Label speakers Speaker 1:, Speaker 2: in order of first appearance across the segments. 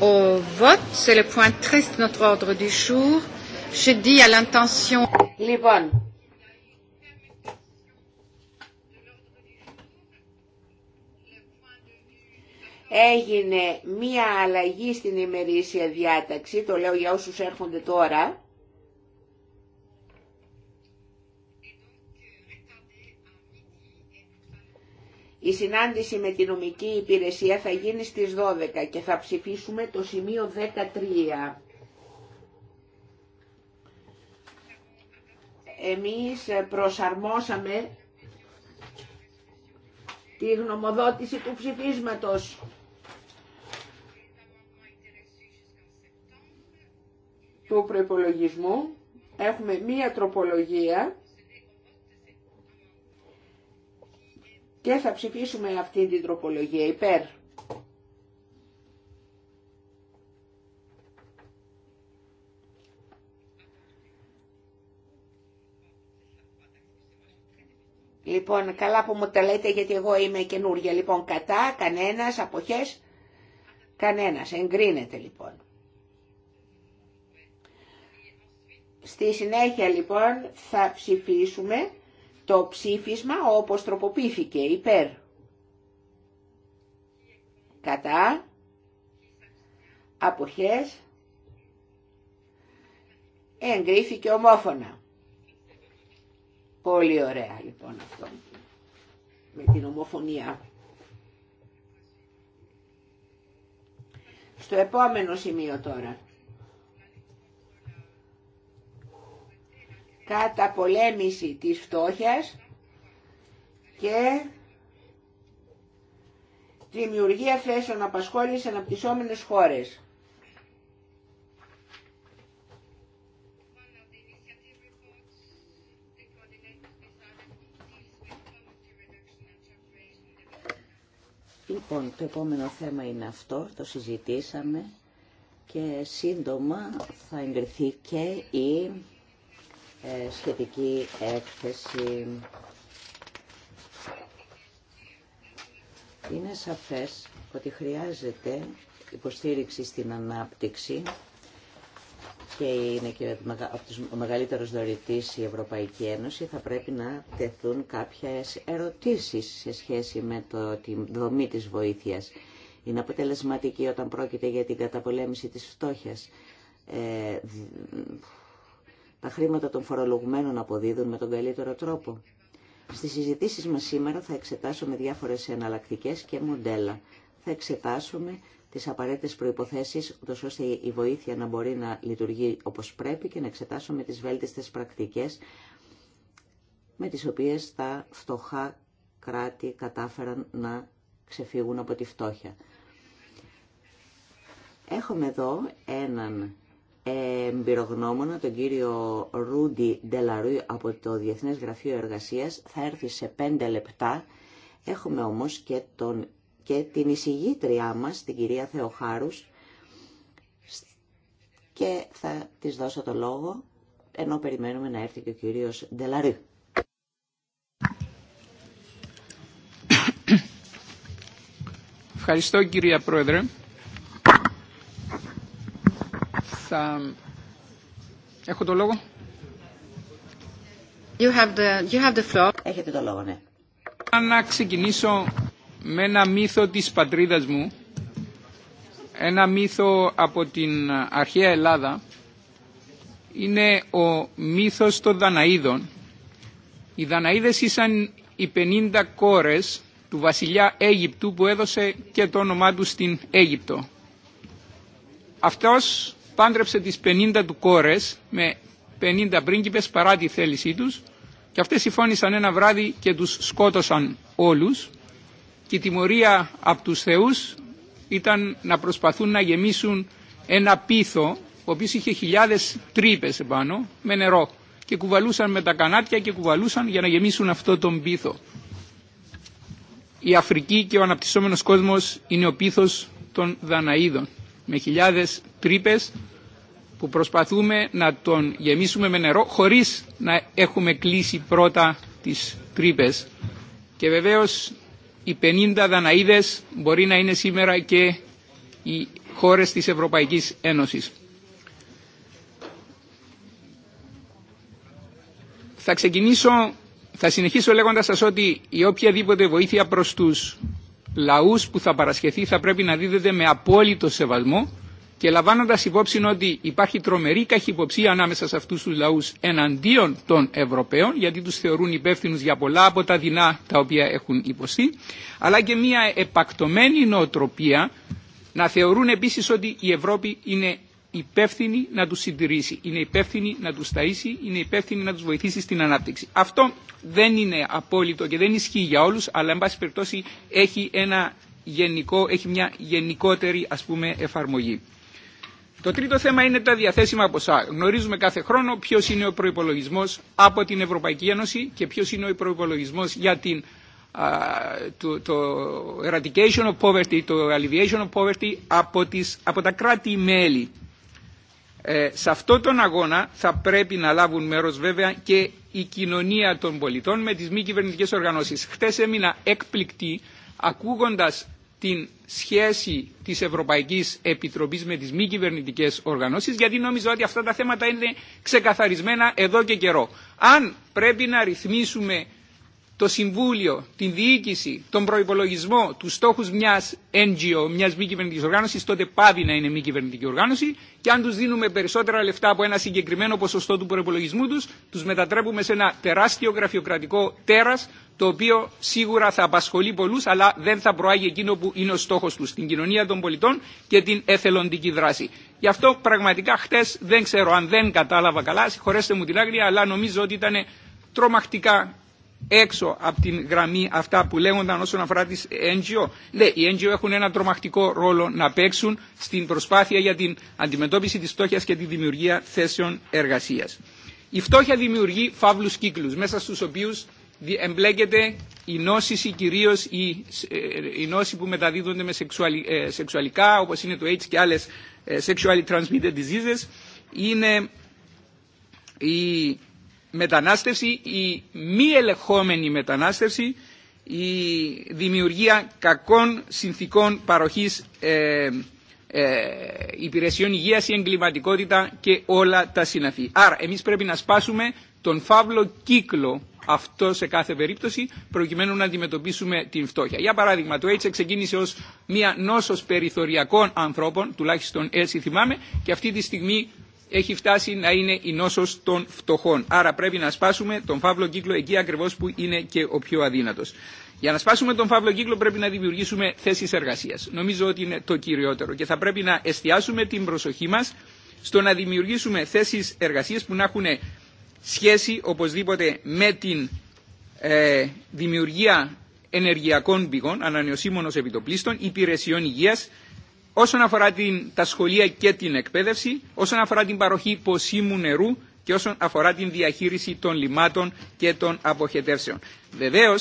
Speaker 1: Λοιπόν, έγινε μία αλλαγή στην ημερήσια διάταξη, το λέω για όσους έρχονται τώρα. Η συνάντηση με την νομική υπηρεσία θα γίνει στις 12 και θα ψηφίσουμε το σημείο 13. Εμείς προσαρμόσαμε τη γνωμοδότηση του ψηφίσματος. του προϋπολογισμού έχουμε μία τροπολογία Και θα ψηφίσουμε αυτή την τροπολογία υπέρ. Λοιπόν, καλά που μου τα λέτε γιατί εγώ είμαι καινούργια. Λοιπόν, κατά, κανένας, αποχές, κανένας. Εγκρίνεται λοιπόν. Στη συνέχεια λοιπόν θα ψηφίσουμε το ψήφισμα όπως τροποποιήθηκε υπέρ. Κατά. Αποχές. Εγκρίθηκε ομόφωνα. Πολύ ωραία λοιπόν αυτό. Με την ομοφωνία. Στο επόμενο σημείο τώρα. καταπολέμηση της φτώχειας και δημιουργία θέσεων απασχόλησης σε αναπτυσσόμενες χώρες.
Speaker 2: Λοιπόν, το επόμενο θέμα είναι αυτό, το συζητήσαμε και σύντομα θα εγκριθεί και η ε, σχετική έκθεση. Είναι σαφές ότι χρειάζεται υποστήριξη στην ανάπτυξη και είναι και ο μεγαλύτερος δωρητής η Ευρωπαϊκή Ένωση, θα πρέπει να τεθούν κάποιες ερωτήσεις σε σχέση με το, τη δομή της βοήθειας. Είναι αποτελεσματική όταν πρόκειται για την καταπολέμηση της φτώχειας. Ε, τα χρήματα των φορολογουμένων αποδίδουν με τον καλύτερο τρόπο. Στι συζητήσει μας σήμερα θα εξετάσουμε διάφορες εναλλακτικέ και μοντέλα. Θα εξετάσουμε τις απαραίτητες προϋποθέσεις, ώστε η βοήθεια να μπορεί να λειτουργεί όπως πρέπει και να εξετάσουμε τις βέλτιστες πρακτικές με τις οποίες τα φτωχά κράτη κατάφεραν να ξεφύγουν από τη φτώχεια. Έχουμε εδώ έναν εμπειρογνώμονα, τον κύριο Ρούντι Ντελαρού από το Διεθνές Γραφείο Εργασίας. Θα έρθει σε πέντε λεπτά. Έχουμε όμως και, τον, και την εισηγήτριά μας, την κυρία Θεοχάρους, και θα της δώσω το λόγο, ενώ περιμένουμε να έρθει και ο κύριος Ντελαρού.
Speaker 3: Ευχαριστώ κυρία Πρόεδρε. Έχω το λόγο. You have the, Έχετε το λόγο, ναι. Να ξεκινήσω με ένα μύθο της πατρίδας μου. Ένα μύθο από την αρχαία Ελλάδα. Είναι ο μύθος των Δαναίδων. Οι Δαναίδες ήσαν οι 50 κόρες του βασιλιά Αίγυπτου που έδωσε και το όνομά του στην Αίγυπτο. Αυτός πάντρεψε τις 50 του κόρες με 50 πρίγκιπες παρά τη θέλησή τους και αυτές συμφώνησαν ένα βράδυ και τους σκότωσαν όλους και η τιμωρία από τους θεούς ήταν να προσπαθούν να γεμίσουν ένα πίθο ο οποίος είχε χιλιάδες τρύπες επάνω με νερό και κουβαλούσαν με τα κανάτια και κουβαλούσαν για να γεμίσουν αυτό τον πίθο. Η Αφρική και ο αναπτυσσόμενος κόσμος είναι ο πίθος των Δαναίδων με χιλιάδες τρύπες που προσπαθούμε να τον γεμίσουμε με νερό χωρίς να έχουμε κλείσει πρώτα τις τρύπε. Και βεβαίως οι 50 Δαναίδες μπορεί να είναι σήμερα και οι χώρες της Ευρωπαϊκής Ένωσης. Θα ξεκινήσω, θα συνεχίσω λέγοντας σας ότι η οποιαδήποτε βοήθεια προς τους λαούς που θα παρασχεθεί θα πρέπει να δίδεται με απόλυτο σεβασμό και λαμβάνοντα υπόψη ότι υπάρχει τρομερή καχυποψία ανάμεσα σε αυτού του λαού εναντίον των Ευρωπαίων γιατί του θεωρούν υπεύθυνου για πολλά από τα δεινά τα οποία έχουν υποστεί αλλά και μια επακτωμένη νοοτροπία να θεωρούν επίση ότι η Ευρώπη είναι υπεύθυνη να του συντηρήσει, είναι υπεύθυνη να του ταΐσει, είναι υπεύθυνη να του βοηθήσει στην ανάπτυξη. Αυτό δεν είναι απόλυτο και δεν ισχύει για όλου, αλλά εν πάση περιπτώσει έχει, ένα γενικό, έχει μια γενικότερη ας πούμε, εφαρμογή. Το τρίτο θέμα είναι τα διαθέσιμα ποσά. Γνωρίζουμε κάθε χρόνο ποιο είναι ο προπολογισμό από την Ευρωπαϊκή Ένωση και ποιο είναι ο προπολογισμό για την, το, το eradication of poverty, το alleviation of poverty από, τις, από τα κράτη-μέλη. Ε, σε αυτόν τον αγώνα θα πρέπει να λάβουν μέρος βέβαια και η κοινωνία των πολιτών με τις μη κυβερνητικέ οργανώσεις. Χτες έμεινα έκπληκτη ακούγοντας την σχέση της Ευρωπαϊκής Επιτροπής με τις μη κυβερνητικέ οργανώσεις γιατί νόμιζα ότι αυτά τα θέματα είναι ξεκαθαρισμένα εδώ και καιρό. Αν πρέπει να ρυθμίσουμε το Συμβούλιο, την διοίκηση, τον προπολογισμό, του στόχου μια NGO, μια μη κυβερνητική οργάνωση, τότε πάβει να είναι μη κυβερνητική οργάνωση και αν του δίνουμε περισσότερα λεφτά από ένα συγκεκριμένο ποσοστό του προπολογισμού του, του μετατρέπουμε σε ένα τεράστιο γραφειοκρατικό τέρα, το οποίο σίγουρα θα απασχολεί πολλού, αλλά δεν θα προάγει εκείνο που είναι ο στόχο του, την κοινωνία των πολιτών και την εθελοντική δράση. Γι' αυτό πραγματικά χτε δεν ξέρω αν δεν κατάλαβα καλά, συγχωρέστε μου την άγρια, αλλά νομίζω ότι ήταν τρομακτικά έξω από την γραμμή αυτά που λέγονταν όσον αφορά τις NGO. Ναι, οι NGO έχουν ένα τρομακτικό ρόλο να παίξουν στην προσπάθεια για την αντιμετώπιση της φτώχειας και τη δημιουργία θέσεων εργασίας. Η φτώχεια δημιουργεί φαύλους κύκλους, μέσα στους οποίους εμπλέκεται η νόσηση, κυρίως η, ε, ε, η νόση που μεταδίδονται με ε, σεξουαλικά, όπως είναι το AIDS και άλλες sexually transmitted diseases, είναι η μετανάστευση, η μη ελεγχόμενη μετανάστευση, η δημιουργία κακών συνθήκων παροχής ε, ε, υπηρεσιών υγείας, η εγκληματικότητα και όλα τα συναφή. Άρα εμείς πρέπει να σπάσουμε τον φαύλο κύκλο αυτό σε κάθε περίπτωση προκειμένου να αντιμετωπίσουμε την φτώχεια. Για παράδειγμα, το AIDS ξεκίνησε ως μια νόσος περιθωριακών ανθρώπων, τουλάχιστον έτσι θυμάμαι, και αυτή τη στιγμή έχει φτάσει να είναι η νόσος των φτωχών. Άρα πρέπει να σπάσουμε τον φαύλο κύκλο εκεί ακριβώς που είναι και ο πιο αδύνατος. Για να σπάσουμε τον φαύλο κύκλο πρέπει να δημιουργήσουμε θέσεις εργασίας. Νομίζω ότι είναι το κυριότερο και θα πρέπει να εστιάσουμε την προσοχή μας στο να δημιουργήσουμε θέσεις εργασίας που να έχουν σχέση οπωσδήποτε με την ε, δημιουργία ενεργειακών πηγών, ανανεωσίμων επιτοπλίστων, υπηρεσιών υγείας, όσον αφορά την, τα σχολεία και την εκπαίδευση, όσον αφορά την παροχή ποσίμου νερού και όσον αφορά την διαχείριση των λιμάτων και των αποχετεύσεων. Βεβαίω,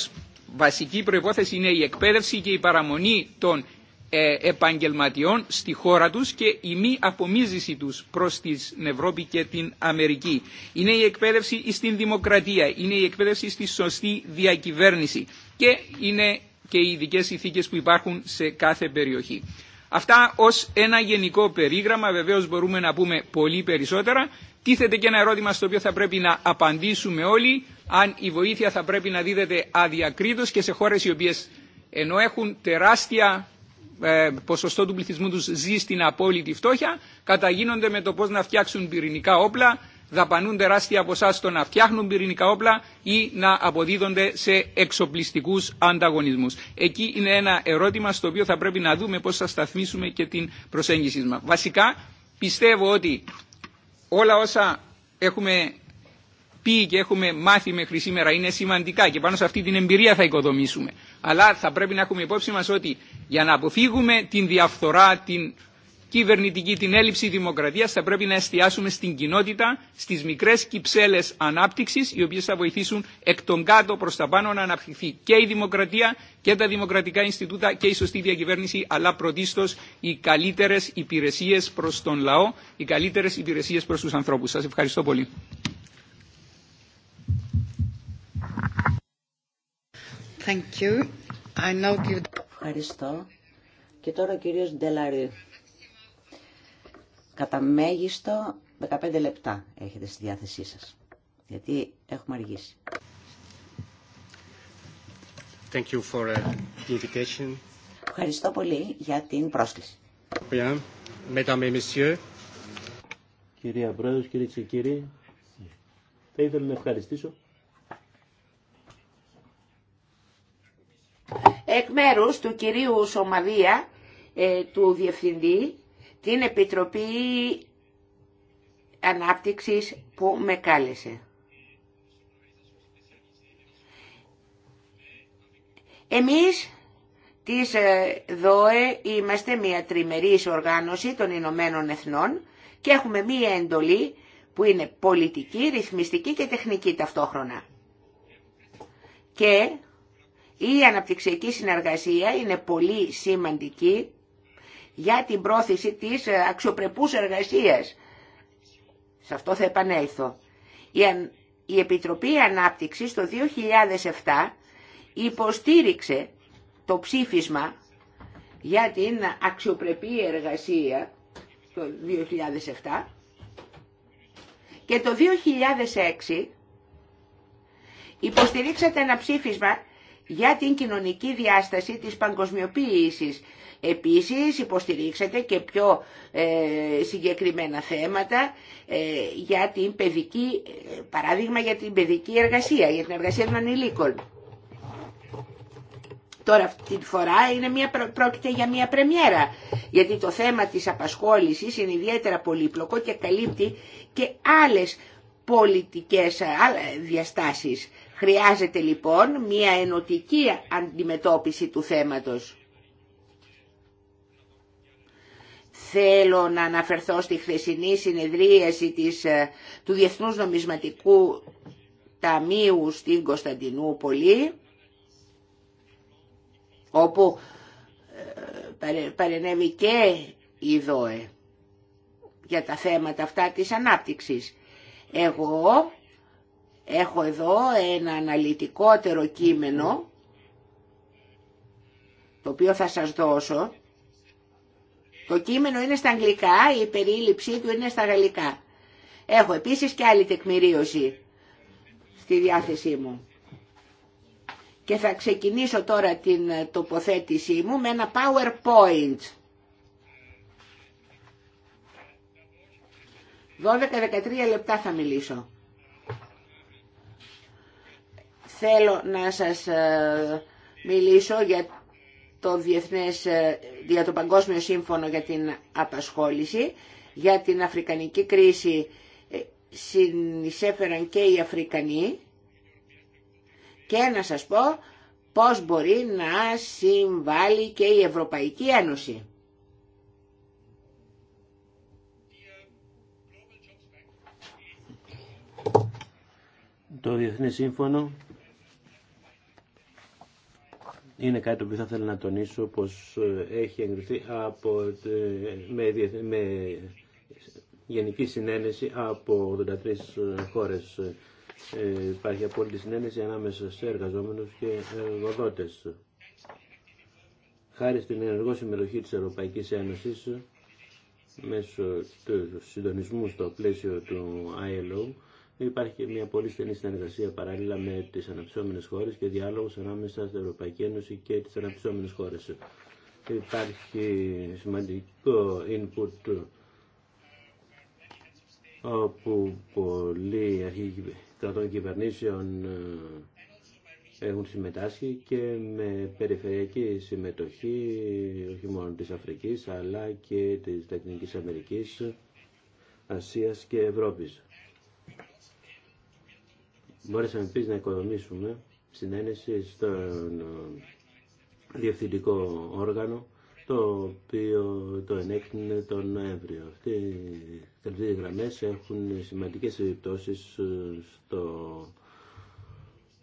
Speaker 3: βασική προϋπόθεση είναι η εκπαίδευση και η παραμονή των ε, επαγγελματιών στη χώρα τους και η μη απομίζηση τους προς την Ευρώπη και την Αμερική. Είναι η εκπαίδευση στην δημοκρατία, είναι η εκπαίδευση στη σωστή διακυβέρνηση και είναι και οι ειδικέ ηθίκες που υπάρχουν σε κάθε περιοχή. Αυτά ως ένα γενικό περίγραμμα, βεβαίως μπορούμε να πούμε πολύ περισσότερα. Τίθεται και ένα ερώτημα στο οποίο θα πρέπει να απαντήσουμε όλοι, αν η βοήθεια θα πρέπει να δίδεται αδιακρίτως και σε χώρες οι οποίες ενώ έχουν τεράστια ε, ποσοστό του πληθυσμού τους ζει στην απόλυτη φτώχεια, καταγίνονται με το πώς να φτιάξουν πυρηνικά όπλα, δαπανούν τεράστια ποσά στο να φτιάχνουν πυρηνικά όπλα ή να αποδίδονται σε εξοπλιστικούς ανταγωνισμούς. Εκεί είναι ένα ερώτημα στο οποίο θα πρέπει να δούμε πώς θα σταθμίσουμε και την προσέγγιση μας. Βασικά πιστεύω ότι όλα όσα έχουμε πει και έχουμε μάθει μέχρι σήμερα είναι σημαντικά και πάνω σε αυτή την εμπειρία θα οικοδομήσουμε. Αλλά θα πρέπει να έχουμε υπόψη μας ότι για να αποφύγουμε την διαφθορά, την κυβερνητική, την έλλειψη δημοκρατία θα πρέπει να εστιάσουμε στην κοινότητα, στι μικρέ κυψέλε ανάπτυξη, οι οποίε θα βοηθήσουν εκ των κάτω προ τα πάνω να αναπτυχθεί και η δημοκρατία και τα δημοκρατικά Ινστιτούτα και η σωστή διακυβέρνηση, αλλά πρωτίστω οι καλύτερε υπηρεσίε προ τον λαό, οι καλύτερε υπηρεσίε προ του ανθρώπου. Σα ευχαριστώ πολύ.
Speaker 2: Ευχαριστώ. Και τώρα ο κύριος Κατά μέγιστο 15 λεπτά έχετε στη διάθεσή σας, γιατί έχουμε αργήσει. Thank you
Speaker 4: for uh, the invitation. Ευχαριστώ πολύ για την πρόσκληση. Κυρία Πρόεδρος, κύριε και κύριοι, θα ήθελα να ευχαριστήσω.
Speaker 1: Εκ μέρους του κυρίου Σομαδία, ε, του Διευθυντή, την Επιτροπή Ανάπτυξης που με κάλεσε. Εμείς της ε, ΔΟΕ είμαστε μια τριμερής οργάνωση των Ηνωμένων Εθνών και έχουμε μια εντολή που είναι πολιτική, ρυθμιστική και τεχνική ταυτόχρονα. Και η αναπτυξιακή συνεργασία είναι πολύ σημαντική για την πρόθεση της ε, αξιοπρεπούς εργασίας. Σε αυτό θα επανέλθω. Η Επιτροπή Ανάπτυξης το 2007 υποστήριξε το ψήφισμα για την αξιοπρεπή εργασία το 2007 και το 2006 υποστηρίξατε ένα ψήφισμα για την κοινωνική διάσταση της παγκοσμιοποίησης. Επίσης υποστηρίξατε και πιο ε, συγκεκριμένα θέματα ε, για την παιδική, ε, παράδειγμα για την παιδική εργασία, για την εργασία των ανηλίκων. Τώρα αυτή τη φορά είναι μια, πρόκειται για μια πρεμιέρα, γιατί το θέμα της απασχόλησης είναι ιδιαίτερα πολύπλοκο και καλύπτει και άλλες πολιτικές διαστάσεις. Χρειάζεται λοιπόν μια ενωτική αντιμετώπιση του θέματος. Θέλω να αναφερθώ στη χθεσινή συνεδρίαση της, ε, του Διεθνούς Νομισματικού Ταμείου στην Κωνσταντινούπολη, όπου ε, παρενέβη και η ΔΟΕ για τα θέματα αυτά της ανάπτυξης. Εγώ Έχω εδώ ένα αναλυτικότερο κείμενο το οποίο θα σας δώσω. Το κείμενο είναι στα αγγλικά, η περίληψή του είναι στα γαλλικά. Έχω επίσης και άλλη τεκμηρίωση στη διάθεσή μου. Και θα ξεκινήσω τώρα την τοποθέτησή μου με ένα PowerPoint. 12-13 λεπτά θα μιλήσω. Θέλω να σας ε, μιλήσω για το, διεθνές, ε, για το Παγκόσμιο Σύμφωνο για την Απασχόληση, για την Αφρικανική κρίση ε, συνεισέφεραν και οι Αφρικανοί και να σας πω πώς μπορεί να συμβάλλει και η Ευρωπαϊκή Ένωση.
Speaker 4: Το Διεθνές Σύμφωνο είναι κάτι που θα ήθελα να τονίσω πως ε, έχει εγκριθεί από, ε, με, με γενική συνένεση από 83 ε, χώρες. υπάρχει απόλυτη συνένεση ανάμεσα σε εργαζόμενους και εργοδότες. Χάρη στην ενεργό συμμετοχή της Ευρωπαϊκής Ένωσης μέσω του συντονισμού στο πλαίσιο του ILO Υπάρχει μια πολύ στενή συνεργασία παράλληλα με τις αναπτυσσόμενες χώρες και διάλογο ανάμεσα στην Ευρωπαϊκή Ένωση και τις αναπτυσσόμενες χώρες. Υπάρχει σημαντικό input όπου πολλοί αρχηγοί κρατών κυβερνήσεων ε, έχουν συμμετάσχει και με περιφερειακή συμμετοχή όχι μόνο της Αφρικής αλλά και της Λατινικής Αμερικής, Ασίας και Ευρώπης. Μπορέσαμε επίσης να οικονομήσουμε συνένεση στον ε, διευθυντικό όργανο το οποίο το ενέκρινε τον Νοέμβριο. Αυτοί οι τελευταίες γραμμές έχουν σημαντικές επιπτώσεις ε, στο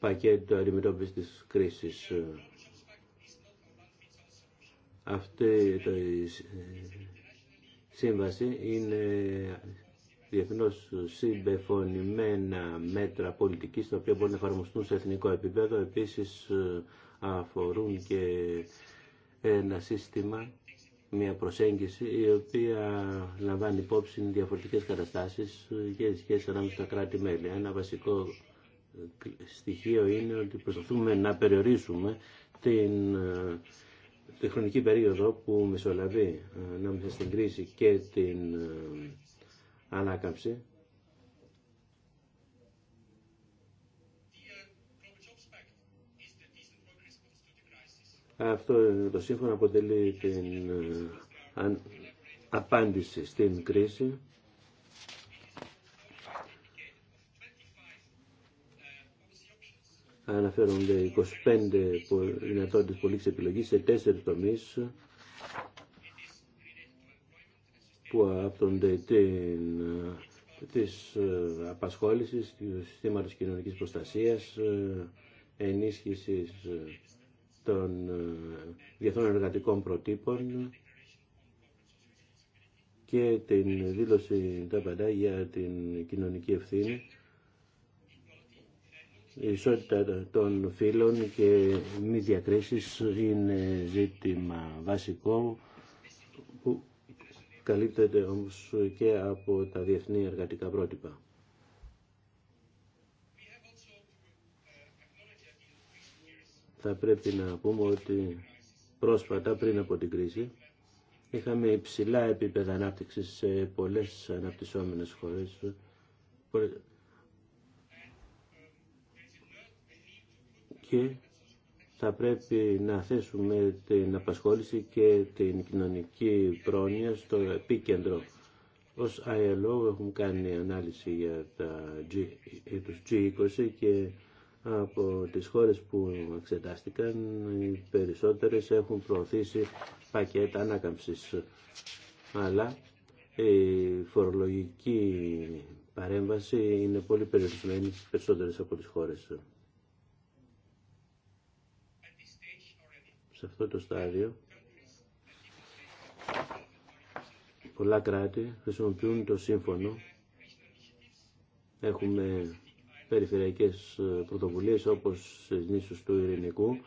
Speaker 4: πακέτο αντιμετώπιση της κρίσης. Αυτή η ε, σύμβαση είναι Διεθνώ συμπεφωνημένα μέτρα πολιτικής τα οποία μπορούν να εφαρμοστούν σε εθνικό επίπεδο επίσης ε, αφορούν και ένα σύστημα μια προσέγγιση η οποία λαμβάνει υπόψη διαφορετικές καταστάσεις και σχέσει ανάμεσα στα κράτη-μέλη. Ένα βασικό ε, στοιχείο είναι ότι προσπαθούμε να περιορίσουμε την, ε, τη χρονική περίοδο που μεσολαβεί ανάμεσα στην κρίση και την ανάκαμψη. Αυτό το σύμφωνο αποτελεί την ε, απάντηση στην κρίση. Αναφέρονται 25 δυνατότητες πολίτης επιλογής σε τέσσερις τομείς που άπτονται την, της ε, απασχόλησης, του συστήματος κοινωνικής προστασίας, ε, ενίσχυσης ε, των διεθνών εργατικών προτύπων και την δήλωση τα για την κοινωνική ευθύνη, η ισότητα των φύλων και μη διακρίσεις είναι ζήτημα βασικό που καλύπτεται όμως και από τα διεθνή εργατικά πρότυπα. Θα πρέπει να πούμε ότι πρόσφατα πριν από την κρίση είχαμε υψηλά επίπεδα ανάπτυξης σε πολλές αναπτυσσόμενες χώρες και θα πρέπει να θέσουμε την απασχόληση και την κοινωνική πρόνοια στο επίκεντρο. Ως ILO έχουμε κάνει ανάλυση για, τα G, τους G20 και από τις χώρες που εξετάστηκαν οι περισσότερες έχουν προωθήσει πακέτα ανάκαμψης. Αλλά η φορολογική παρέμβαση είναι πολύ περιορισμένη στις περισσότερες από τις χώρες. σε αυτό το στάδιο πολλά κράτη χρησιμοποιούν το σύμφωνο. Έχουμε περιφερειακές πρωτοβουλίες όπως στις νήσους του Ειρηνικού.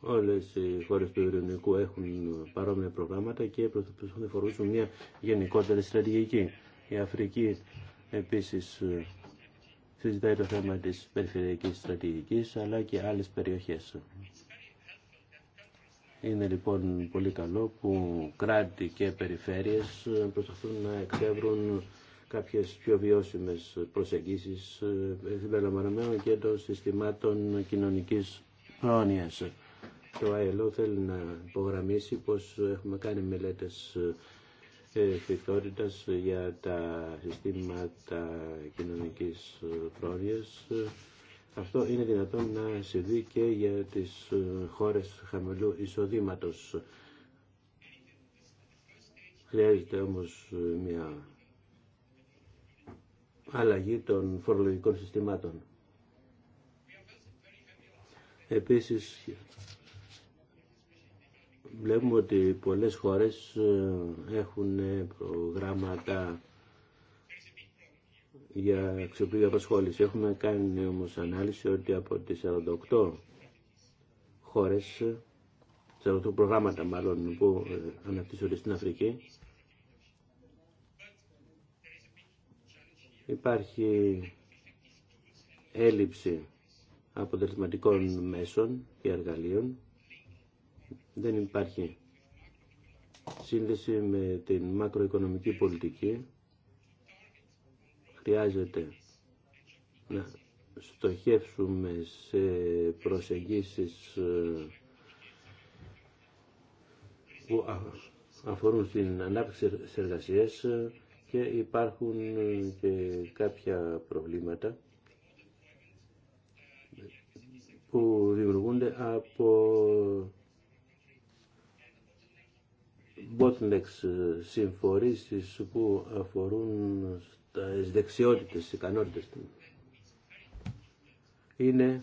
Speaker 4: Όλες οι χώρες του Ειρηνικού έχουν παρόμοια προγράμματα και προσπαθούν να φορούσουν μια γενικότερη στρατηγική. Η Αφρική επίσης συζητάει το θέμα της περιφερειακής στρατηγικής αλλά και άλλες περιοχές. Είναι λοιπόν πολύ καλό που κράτη και περιφέρειες προσπαθούν να εξεύρουν κάποιες πιο βιώσιμες προσεγγίσεις ε, συμπεριλαμβανομένων και των συστημάτων κοινωνικής πρόνοιας. Το ΑΕΛΟ θέλει να υπογραμμίσει πως έχουμε κάνει μελέτες ε, φυκτότητας για τα συστήματα κοινωνικής ε, πρόνοιας αυτό είναι δυνατόν να συμβεί και για τις ε, χώρες χαμηλού εισοδήματος. Χρειάζεται όμως ε, μια αλλαγή των φορολογικών συστημάτων. Επίσης, βλέπουμε ότι πολλές χώρες ε, έχουν προγράμματα για αξιοπλήρη απασχόληση. Έχουμε κάνει όμως ανάλυση ότι από τις 48 χώρες, 48 προγράμματα μάλλον που ε, αναπτύσσονται στην Αφρική, υπάρχει έλλειψη αποτελεσματικών μέσων και εργαλείων. Δεν υπάρχει σύνδεση με την μακροοικονομική πολιτική χρειάζεται να στοχεύσουμε σε προσεγγίσεις ε, που αφορούν στην ανάπτυξη της εργασίας και υπάρχουν ε, και κάποια προβλήματα που δημιουργούνται από bottlenecks ε, συμφορήσεις που αφορούν τις δεξιότητες, τις ικανότητες Είναι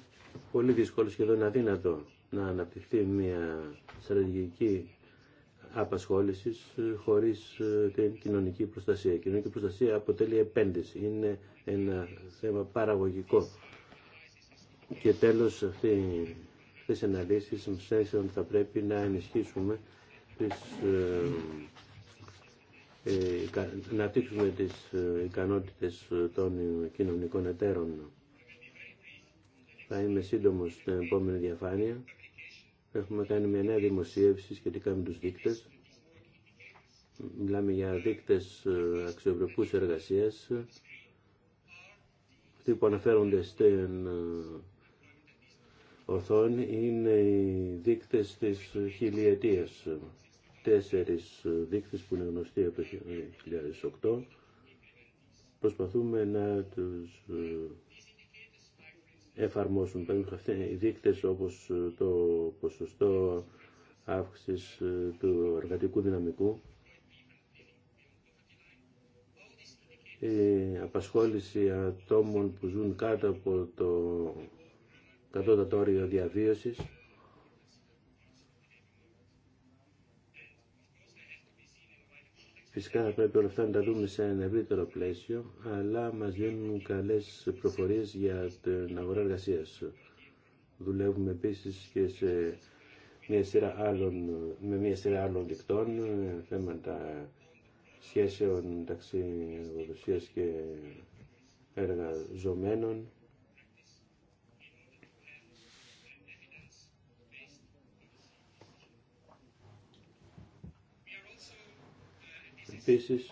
Speaker 4: πολύ δύσκολο, σχεδόν αδύνατο, να αναπτυχθεί μια στρατηγική απασχόληση χωρίς ε, την κοινωνική προστασία. Η κοινωνική προστασία αποτελεί επένδυση. Είναι ένα θέμα παραγωγικό. Και τέλος, αυτή οι αναλύσεις μας θα πρέπει να ενισχύσουμε τις ε, να δείξουμε τις ε, ικανότητες ε, των κοινωνικών εταίρων. Θα είμαι σύντομος στην επόμενη διαφάνεια. Έχουμε κάνει μια νέα δημοσίευση σχετικά με τους δείκτες. Μιλάμε για δείκτες ε, αξιοπρεπούς εργασίας, αυτοί που αναφέρονται στην οθόνη είναι οι δείκτες της χιλιετίας τέσσερις δείκτες που είναι γνωστοί από το 2008. Προσπαθούμε να τους ε, εφαρμόσουν. Οι δείκτες όπως ε, το ποσοστό αύξησης ε, του εργατικού δυναμικού, η απασχόληση ατόμων που ζουν κάτω από το κατώτατο όριο διαβίωσης, Φυσικά θα πρέπει όλα αυτά να τα δούμε σε ένα ευρύτερο πλαίσιο, αλλά μα δίνουν καλές προφορίε για την αγορά εργασία. Δουλεύουμε επίση και σε μια σειρά άλλων, με μια σειρά άλλων δικτών, θέματα σχέσεων μεταξύ εργοδοσία και εργαζομένων. Επίσης,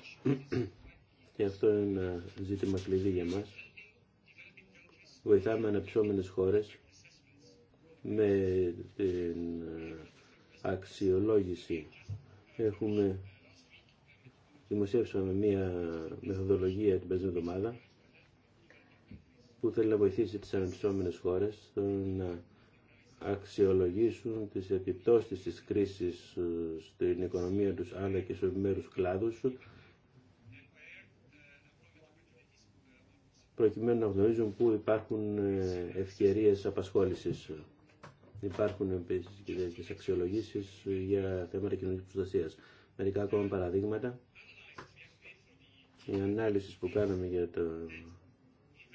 Speaker 4: και αυτό είναι ένα ζήτημα κλειδί για μας, βοηθάμε αναψώμενες χώρες με την αξιολόγηση. Έχουμε δημοσίευσαμε μία μεθοδολογία την πέντε εβδομάδα που θέλει να βοηθήσει τις αναπτυσσόμενες χώρες αξιολογήσουν τις επιπτώσεις της κρίσης ε, στην οικονομία τους αλλά και στους μέρους κλάδους προκειμένου να γνωρίζουν πού υπάρχουν ε, ευκαιρίες απασχόλησης. Υπάρχουν επίσης και αξιολογήσεις ε, για θέματα κοινωνικής προστασίας. Μερικά ακόμα παραδείγματα. Η ανάλυση που κάναμε για το,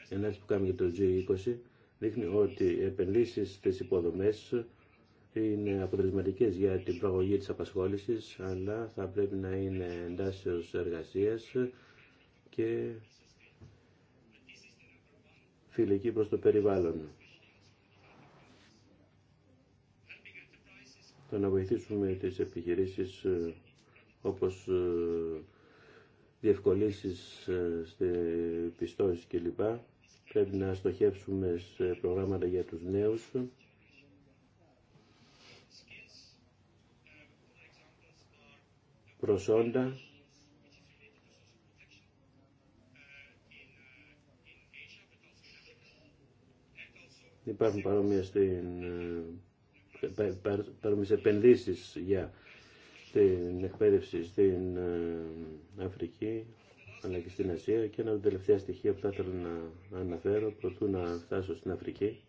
Speaker 4: η ανάλυση που κάναμε για το G20 δείχνει ότι οι επενδύσει στι υποδομέ είναι αποτελεσματικέ για την προαγωγή της απασχόλησης, αλλά θα πρέπει να είναι εντάσσεω εργασίας και φιλική προς το περιβάλλον. Το να βοηθήσουμε τις επιχειρήσεις ε, όπως ε, διευκολύσεις ε, στις πιστώσεις κλπ Πρέπει να στοχεύσουμε σε προγράμματα για τους νέους. Προσόντα. Υπάρχουν παρόμοιες παρόμοιες επενδύσεις για την εκπαίδευση στην ε, Αφρική αλλά και στην Ασία και ένα τελευταία στοιχείο που θα ήθελα να αναφέρω προτού να φτάσω στην Αφρική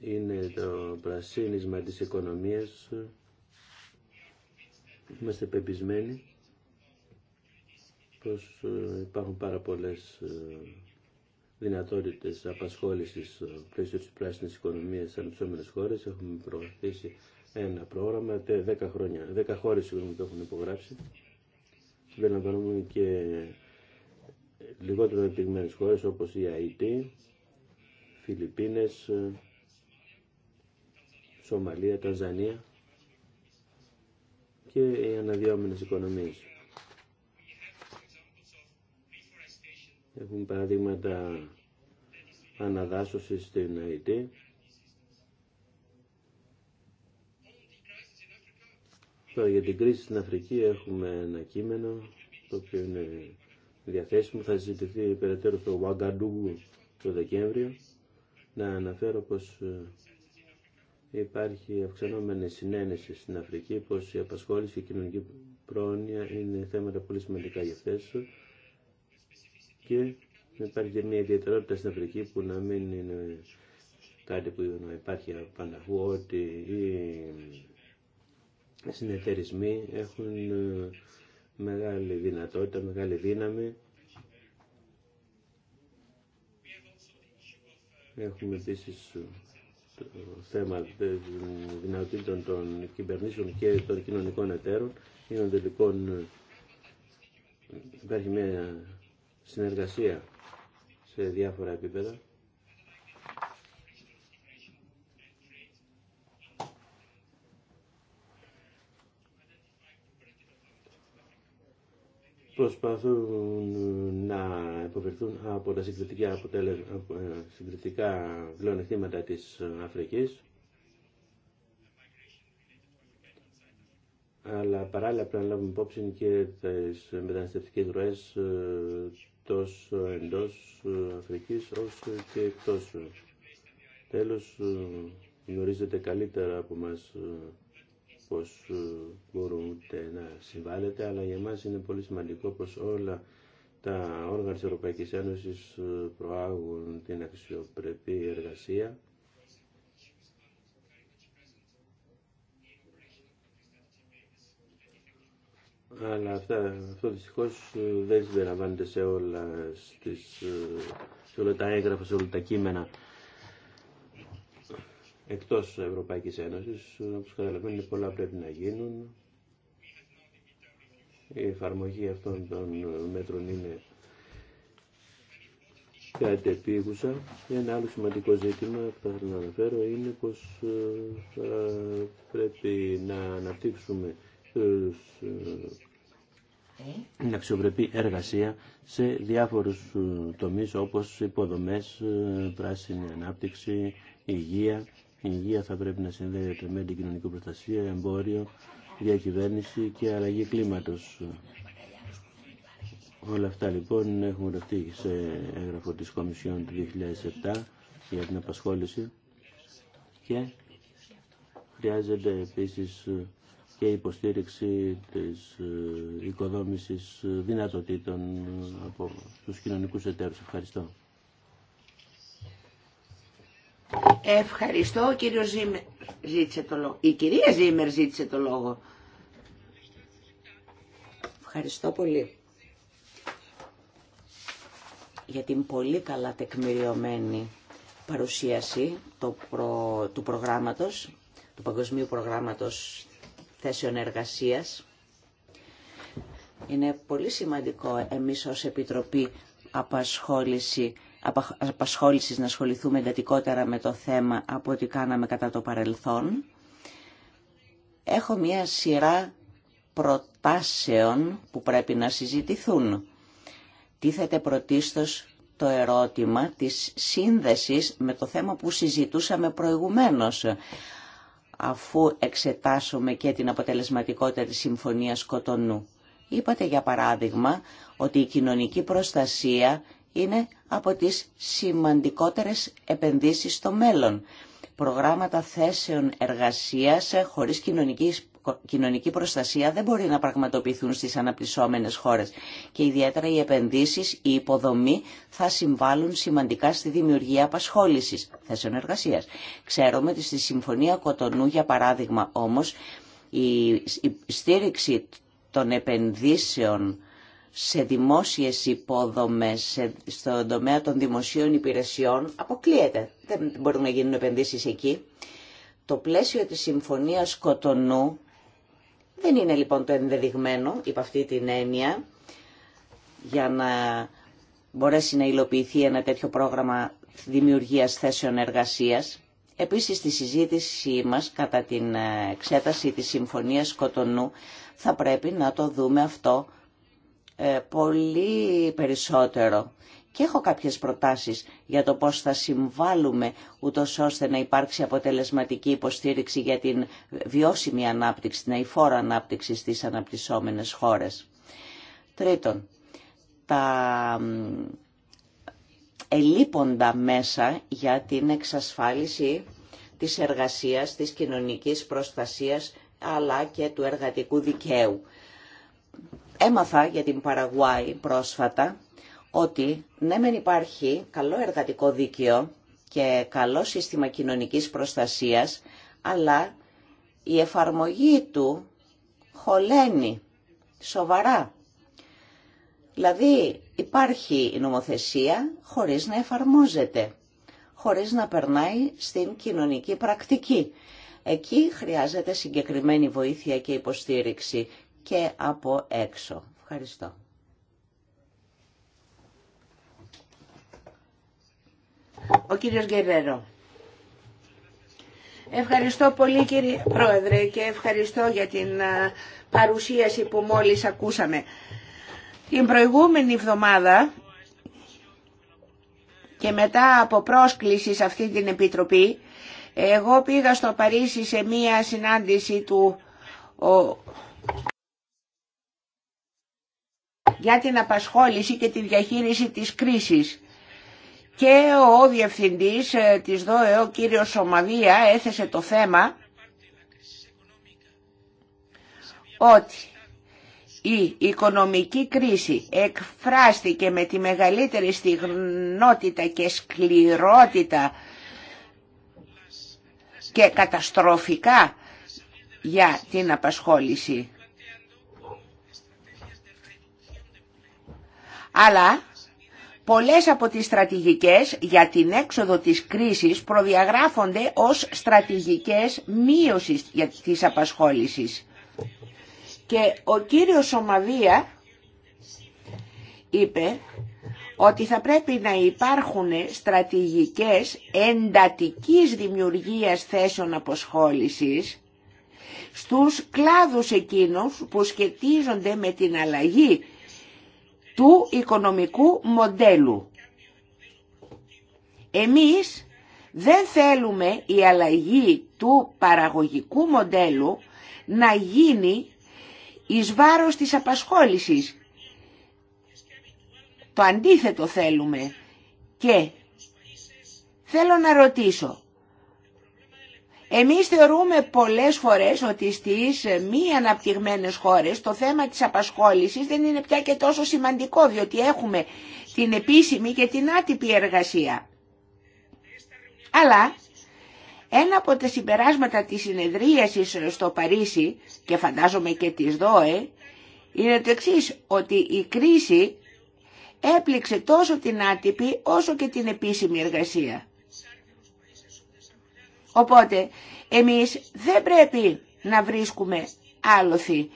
Speaker 4: είναι το πρασίνισμα της οικονομίας είμαστε πεπισμένοι πως ε, υπάρχουν πάρα πολλές ε, δυνατότητες απασχόλησης πλαίσιο της πράσινης οικονομίας σε ανεψόμενες χώρες. Έχουμε προωθήσει ένα πρόγραμμα, 10, χρόνια, 10 χώρες που έχουν υπογράψει συμπεριλαμβάνουμε και λιγότερο επιτυγμένε χώρες όπως η Αϊτή, Φιλιππίνες, Σομαλία, Τανζανία και οι αναδυόμενες οικονομίες. Έχουμε παραδείγματα αναδάσωσης στην Αϊτή για την κρίση στην Αφρική έχουμε ένα κείμενο το οποίο είναι διαθέσιμο. Θα συζητηθεί περαιτέρω στο Ουαγκαντούγκου το Δεκέμβριο. Να αναφέρω πως ε, υπάρχει αυξανόμενη συνένεση στην Αφρική πως η απασχόληση και η κοινωνική πρόνοια είναι θέματα πολύ σημαντικά για αυτές και υπάρχει και μια ιδιαιτερότητα στην Αφρική που να μην είναι κάτι που υπάρχει πανταχού, ότι η συνεταιρισμοί έχουν ε, μεγάλη δυνατότητα, μεγάλη δύναμη. Έχουμε επίση το θέμα των δυνατοτήτων των κυβερνήσεων και των κοινωνικών εταίρων. Γίνονται λοιπόν, υπάρχει μια συνεργασία σε διάφορα επίπεδα. προσπαθούν να υποφερθούν από τα συγκριτικά, ε, συγκριτικά πλεονεκτήματα της Αφρικής αλλά παράλληλα πρέπει να λάβουμε υπόψη και τις μεταναστευτικές ροές ε, τόσο εντός ε, Αφρικής όσο και εκτός. Τέλος, γνωρίζετε καλύτερα από μας πως ε, να συμβάλλεται αλλά για μας είναι πολύ σημαντικό πως όλα τα όργανα της Ευρωπαϊκής Ένωσης ε, προάγουν την αξιοπρεπή εργασία αλλά αυτά, αυτό δυστυχώ ε, δεν συμπεριλαμβάνεται σε όλα, σε όλα τα έγγραφα, σε όλα τα κείμενα εκτός Ευρωπαϊκής Ένωσης, όπως καταλαβαίνετε πολλά πρέπει να γίνουν. Η εφαρμογή αυτών των μέτρων είναι κάτι επίγουσα. Ένα άλλο σημαντικό ζήτημα που θα ήθελα να αναφέρω είναι πως ε, θα πρέπει να αναπτύξουμε ε, την αξιοπρεπή εργασία σε διάφορους ε, τομείς όπως υποδομές, πράσινη ανάπτυξη, υγεία η υγεία θα πρέπει να συνδέεται με την κοινωνική προστασία, εμπόριο, διακυβέρνηση και αλλαγή κλίματος. Όλα αυτά λοιπόν έχουν γραφτεί σε έγγραφο της Κομισιόν του 2007 για την απασχόληση και χρειάζεται επίσης και υποστήριξη της οικοδόμησης δυνατοτήτων από τους κοινωνικούς εταίρους. Ευχαριστώ.
Speaker 1: Ευχαριστώ. Η
Speaker 2: κυρία Ζήμερ ζήτησε το λόγο. Ευχαριστώ πολύ για την πολύ καλά τεκμηριωμένη παρουσίαση το του προγράμματος, του Παγκοσμίου Προγράμματος Θέσεων Εργασίας. Είναι πολύ σημαντικό εμείς ως Επιτροπή Απασχόληση απασχόλησης να ασχοληθούμε εντατικότερα με το θέμα από ό,τι κάναμε κατά το παρελθόν. Έχω μία σειρά προτάσεων που πρέπει να συζητηθούν. Τίθεται πρωτίστως το ερώτημα της σύνδεσης με το θέμα που συζητούσαμε προηγουμένως αφού εξετάσουμε και την αποτελεσματικότητα της Συμφωνίας Κοτονού. Είπατε για παράδειγμα ότι η κοινωνική προστασία είναι από τις σημαντικότερες επενδύσεις στο μέλλον. Προγράμματα θέσεων εργασίας ε, χωρίς κοινωνική, προστασία δεν μπορεί να πραγματοποιηθούν στις αναπτυσσόμενες χώρες και ιδιαίτερα οι επενδύσεις, η υποδομή θα συμβάλλουν σημαντικά στη δημιουργία απασχόλησης θέσεων εργασίας. Ξέρουμε ότι στη Συμφωνία Κοτονού, για παράδειγμα όμως, η στήριξη των επενδύσεων σε δημόσιες υπόδομες, στον τομέα των δημοσίων υπηρεσιών, αποκλείεται. Δεν μπορούν να γίνουν επενδύσεις εκεί. Το πλαίσιο της Συμφωνίας Κοτονού δεν είναι λοιπόν το ενδεδειγμένο, υπ' αυτή την έννοια, για να μπορέσει να υλοποιηθεί ένα τέτοιο πρόγραμμα δημιουργίας θέσεων εργασίας. Επίσης, στη συζήτησή μας κατά την ε, εξέταση της Συμφωνίας Κοτονού θα πρέπει να το δούμε αυτό ε, πολύ περισσότερο. Και έχω κάποιες προτάσεις για το πώς θα συμβάλλουμε ούτω ώστε να υπάρξει αποτελεσματική υποστήριξη για την βιώσιμη ανάπτυξη, την αηφόρα ανάπτυξη στις αναπτυσσόμενες χώρες. Τρίτον, τα ελείποντα μέσα για την εξασφάλιση της εργασίας, της κοινωνικής προστασίας αλλά και του εργατικού δικαίου έμαθα για την Παραγουάη πρόσφατα ότι ναι μεν υπάρχει καλό εργατικό δίκαιο και καλό σύστημα κοινωνικής προστασίας, αλλά η εφαρμογή του χωλαίνει σοβαρά. Δηλαδή υπάρχει η νομοθεσία χωρίς να εφαρμόζεται, χωρίς να περνάει στην κοινωνική πρακτική. Εκεί χρειάζεται συγκεκριμένη βοήθεια και υποστήριξη και από έξω. Ευχαριστώ.
Speaker 1: Ο κύριος Γκερέρο. Ευχαριστώ πολύ κύριε Πρόεδρε και ευχαριστώ για την παρουσίαση που μόλις ακούσαμε. Την προηγούμενη εβδομάδα και μετά από πρόσκληση σε αυτή την Επιτροπή, εγώ πήγα στο Παρίσι σε μία συνάντηση του για την απασχόληση και τη διαχείριση της κρίσης. Και ο διευθυντής ε, της ΔΟΕ, ο κύριος Σωμαδία, έθεσε το θέμα ότι η οικονομική κρίση εκφράστηκε με τη μεγαλύτερη στιγνότητα και σκληρότητα και καταστροφικά για την απασχόληση. αλλά πολλές από τις στρατηγικές για την έξοδο της κρίσης προδιαγράφονται ως στρατηγικές μείωσης της απασχόλησης. Και ο κύριος Σομαδία είπε ότι θα πρέπει να υπάρχουν στρατηγικές εντατικής δημιουργίας θέσεων αποσχόλησης στους κλάδους εκείνους που σχετίζονται με την αλλαγή του οικονομικού μοντέλου. Εμείς δεν θέλουμε η αλλαγή του παραγωγικού μοντέλου να γίνει εις βάρος της απασχόλησης. Το αντίθετο θέλουμε και θέλω να ρωτήσω εμείς θεωρούμε πολλές φορές ότι στις μη αναπτυγμένες χώρες το θέμα της απασχόλησης δεν είναι πια και τόσο σημαντικό, διότι έχουμε την επίσημη και την άτυπη εργασία. Αλλά ένα από τα συμπεράσματα της συνεδρίασης στο Παρίσι, και φαντάζομαι και της ΔΟΕ, είναι το εξή ότι η κρίση έπληξε τόσο την άτυπη όσο και την επίσημη εργασία. Οπότε εμείς δεν πρέπει να βρίσκουμε άλοθη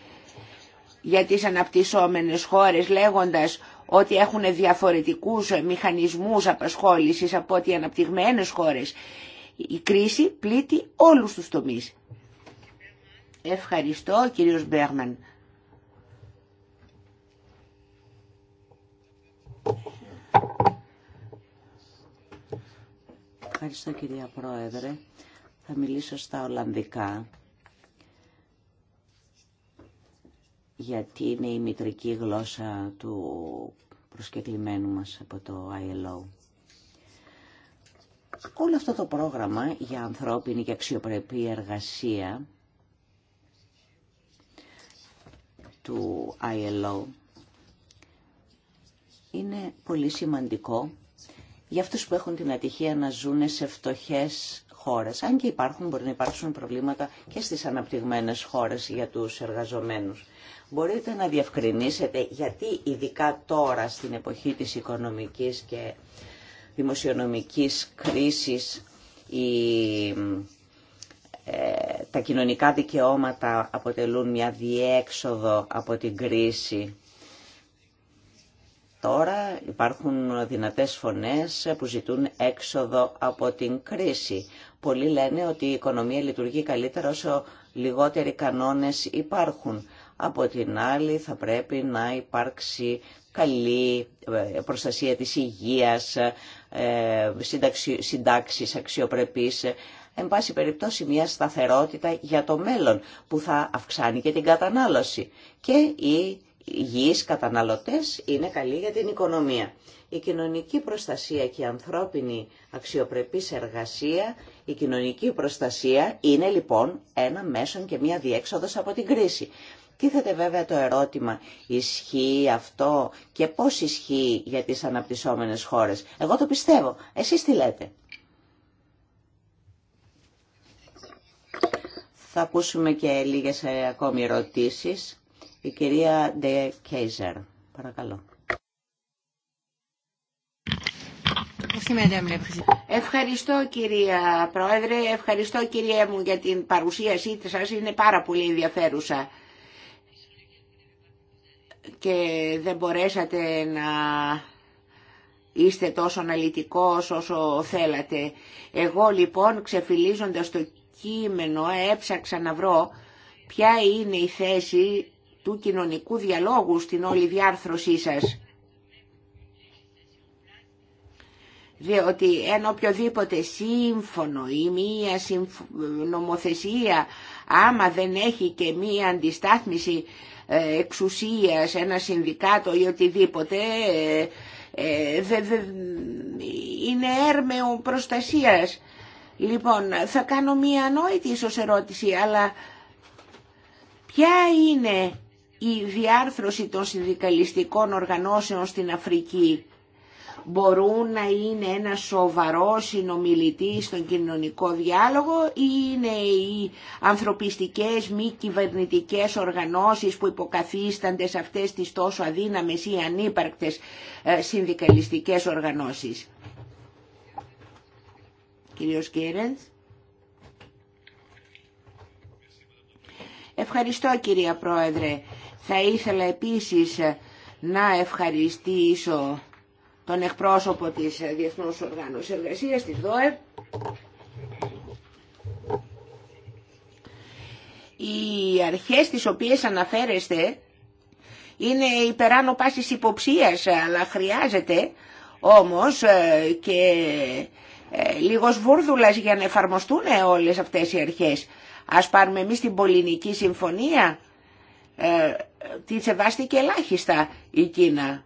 Speaker 1: για τις αναπτυσσόμενες χώρες λέγοντας ότι έχουν διαφορετικούς μηχανισμούς απασχόλησης από ό,τι οι αναπτυγμένες χώρες. Η κρίση πλήττει όλους τους τομείς. Ευχαριστώ κύριος Μπέρμαν.
Speaker 2: Ευχαριστώ κυρία Πρόεδρε. Θα μιλήσω στα Ολλανδικά, γιατί είναι η μητρική γλώσσα του προσκεκλημένου μας από το ILO. Όλο αυτό το πρόγραμμα για ανθρώπινη και αξιοπρεπή εργασία του ILO είναι πολύ σημαντικό για αυτούς που έχουν την ατυχία να ζουν σε φτωχές χώρας. Αν και υπάρχουν, μπορεί να υπάρξουν προβλήματα και στις αναπτυγμένες χώρες για τους εργαζομένους. Μπορείτε να διευκρινίσετε γιατί ειδικά τώρα στην εποχή της οικονομικής και δημοσιονομικής κρίσης η, ε, τα κοινωνικά δικαιώματα αποτελούν μια διέξοδο από την κρίση Τώρα υπάρχουν δυνατές φωνές που ζητούν έξοδο από την κρίση. Πολλοί λένε ότι η οικονομία λειτουργεί καλύτερα όσο λιγότεροι κανόνες υπάρχουν. Από την άλλη θα πρέπει να υπάρξει καλή ε, προστασία της υγείας, ε, συντάξεις αξιοπρεπής, εν πάση περιπτώσει μια σταθερότητα για το μέλλον που θα αυξάνει και την κατανάλωση. Και η υγιείς καταναλωτές είναι καλή για την οικονομία. Η κοινωνική προστασία και η ανθρώπινη αξιοπρεπής εργασία, η κοινωνική προστασία είναι λοιπόν ένα μέσον και μία διέξοδος από την κρίση. Τίθεται βέβαια το ερώτημα, ισχύει αυτό και πώς ισχύει για τις αναπτυσσόμενες χώρες. Εγώ το πιστεύω. Εσείς τι λέτε. Θα ακούσουμε και λίγες ε, ακόμη ερωτήσεις. Η κυρία Ντε Κέιζερ. Παρακαλώ.
Speaker 1: Ευχαριστώ κυρία Πρόεδρε, ευχαριστώ κυρία μου για την παρουσίασή σας, είναι πάρα πολύ ενδιαφέρουσα και δεν μπορέσατε να είστε τόσο αναλυτικός όσο θέλατε. Εγώ λοιπόν ξεφυλίζοντας το κείμενο έψαξα να βρω ποια είναι η θέση του κοινωνικού διαλόγου στην όλη διάρθρωσή σας. Διότι ένα οποιοδήποτε σύμφωνο ή μία νομοθεσία άμα δεν έχει και μία αντιστάθμιση ε, εξουσίας, ένα συνδικάτο ή οτιδήποτε, ε, ε, είναι έρμεο προστασίας. Λοιπόν, θα κάνω μία ανόητη ίσως ερώτηση, αλλά ποια είναι η διάρθρωση των συνδικαλιστικών οργανώσεων στην Αφρική μπορούν να είναι ένα σοβαρό συνομιλητή στον κοινωνικό διάλογο ή είναι οι ανθρωπιστικές μη κυβερνητικέ οργανώσεις που υποκαθίστανται σε αυτές τις τόσο αδύναμες ή ανύπαρκτες ε, συνδικαλιστικές οργανώσεις. Κύριος Κέρενς. Ευχαριστώ κυρία Πρόεδρε. Θα ήθελα επίσης να ευχαριστήσω τον εκπρόσωπο της Διεθνούς Οργάνωσης Εργασίας, της ΔΟΕ. Οι αρχές τις οποίες αναφέρεστε είναι υπεράνω πάσης υποψίας, αλλά χρειάζεται όμως ε, και ε, λίγος βούρδουλας για να εφαρμοστούν όλες αυτές οι αρχές. Ας πάρουμε εμείς την πολινική Συμφωνία ε, τη σεβάστηκε ελάχιστα η Κίνα.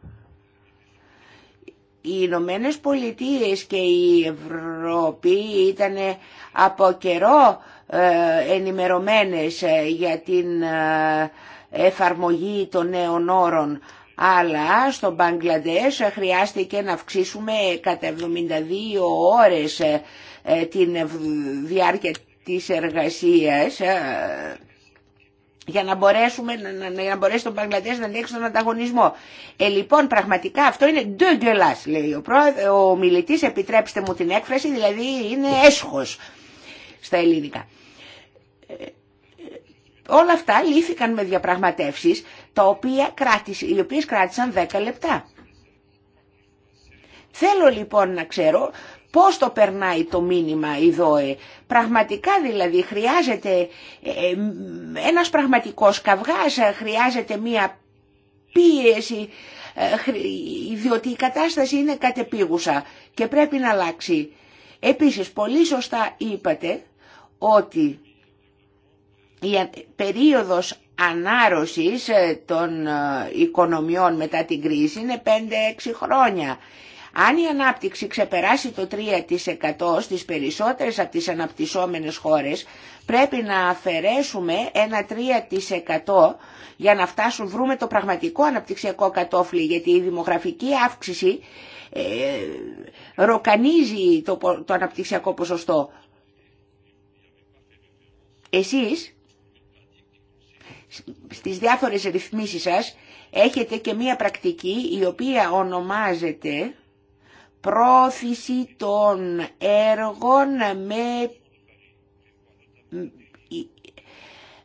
Speaker 1: Οι Ηνωμένε Πολιτείε και η Ευρώπη ήταν από καιρό ε, ενημερωμένες ε, για την εφαρμογή των νέων όρων αλλά στο Μπαγκλαντές χρειάστηκε να αυξήσουμε κατά 72 ώρες την διάρκεια της εργασίας για να, μπορέσουμε, να, να μπορέσει τον Παγκλαντές να αντέξει τον ανταγωνισμό. Ε, λοιπόν, πραγματικά αυτό είναι ντογκελάς, λέει ο, ο μιλητής, επιτρέψτε μου την έκφραση, δηλαδή είναι έσχος στα ελληνικά. Ε, ε, όλα αυτά λύθηκαν με διαπραγματεύσεις, τα οποία κράτησε, οι οποίες κράτησαν 10 λεπτά. Θέλω λοιπόν να ξέρω πώς το περνάει το μήνυμα η ΔΟΕ. Πραγματικά δηλαδή χρειάζεται ε, ε, ένας πραγματικός καυγάς, ε, χρειάζεται μία πίεση, διότι η κατάσταση είναι κατεπίγουσα και πρέπει να αλλάξει. Επίσης, πολύ σωστά είπατε ότι η περίοδος ανάρρωσης των οικονομιών μετά την κρίση είναι 5-6 χρόνια. Αν η ανάπτυξη ξεπεράσει το 3% στις περισσότερες από τις αναπτυσσόμενες χώρες, πρέπει να αφαιρέσουμε ένα 3% για να φτάσουν, βρούμε το πραγματικό αναπτυξιακό κατόφλι, γιατί η δημογραφική αύξηση ε, ροκανίζει το, το αναπτυξιακό ποσοστό. Εσείς, στις διάφορες ρυθμίσεις σας, έχετε και μία πρακτική η οποία ονομάζεται πρόθεση των έργων με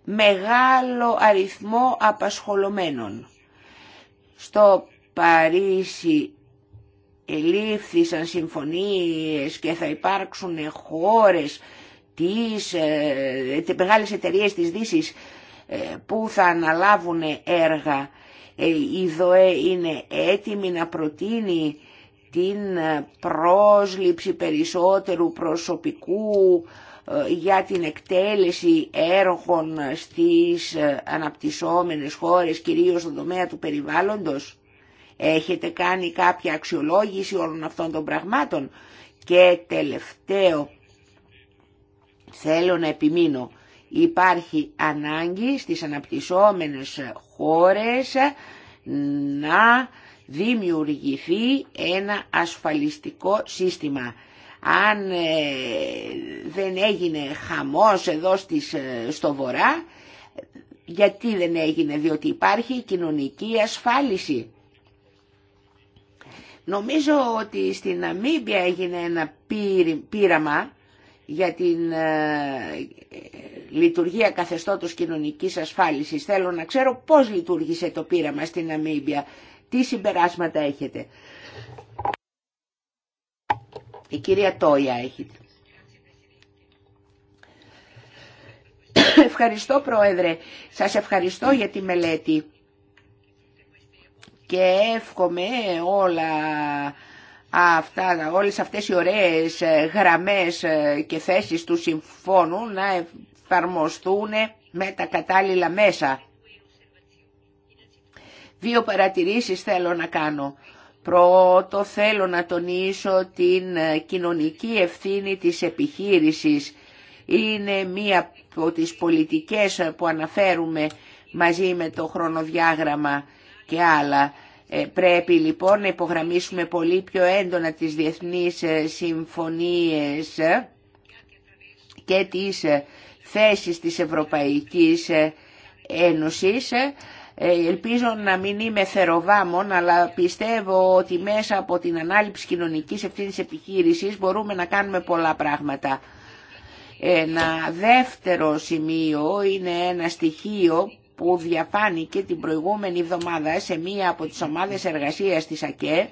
Speaker 1: μεγάλο αριθμό απασχολωμένων. Στο Παρίσι ελήφθησαν συμφωνίες και θα υπάρξουν χώρες τις, μεγάλε μεγάλες εταιρείες της Δύσης ε, που θα αναλάβουν έργα. Ε, η ΔΟΕ είναι έτοιμη να προτείνει την ε, πρόσληψη περισσότερου προσωπικού ε, για την εκτέλεση έργων στις ε, αναπτυσσόμενες χώρες, κυρίως στον τομέα του περιβάλλοντος. Έχετε κάνει κάποια αξιολόγηση όλων αυτών των πραγμάτων. Και τελευταίο, θέλω να επιμείνω, υπάρχει ανάγκη στις αναπτυσσόμενες χώρες να δημιουργηθεί ένα ασφαλιστικό σύστημα. Αν ε, δεν έγινε χαμός εδώ ε, στο βορρά, γιατί δεν έγινε, διότι υπάρχει κοινωνική ασφάλιση. Νομίζω ότι στην Αμίμπια έγινε ένα πείραμα για την ε, λειτουργία καθεστώτος κοινωνικής ασφάλισης. Θέλω να ξέρω πώς λειτουργήσε το πείραμα στην Αμίμπια τι συμπεράσματα έχετε. Η κυρία Τόια έχει. Ευχαριστώ Πρόεδρε. Σας ευχαριστώ για τη μελέτη. Και εύχομαι όλα αυτά, όλες αυτές οι ωραίες ε, γραμμές ε, και θέσεις του συμφώνου να εφαρμοστούν με τα κατάλληλα μέσα. Δύο παρατηρήσεις θέλω να κάνω. Πρώτο θέλω να τονίσω την ε, κοινωνική ευθύνη της επιχείρησης. Είναι μία από τις πολιτικές που αναφέρουμε μαζί με το χρονοδιάγραμμα και άλλα. Ε, πρέπει λοιπόν να υπογραμμίσουμε πολύ πιο έντονα τις διεθνείς ε, συμφωνίες και τις θέσεις της Ευρωπαϊκής Ένωσης ε, ελπίζω να μην είμαι θεροβάμων, αλλά πιστεύω ότι μέσα από την ανάληψη κοινωνικής ευθύνη επιχείρησης μπορούμε να κάνουμε πολλά πράγματα. Ένα δεύτερο σημείο είναι ένα στοιχείο που διαφάνηκε την προηγούμενη εβδομάδα σε μία από τις ομάδες εργασίας της ΑΚΕ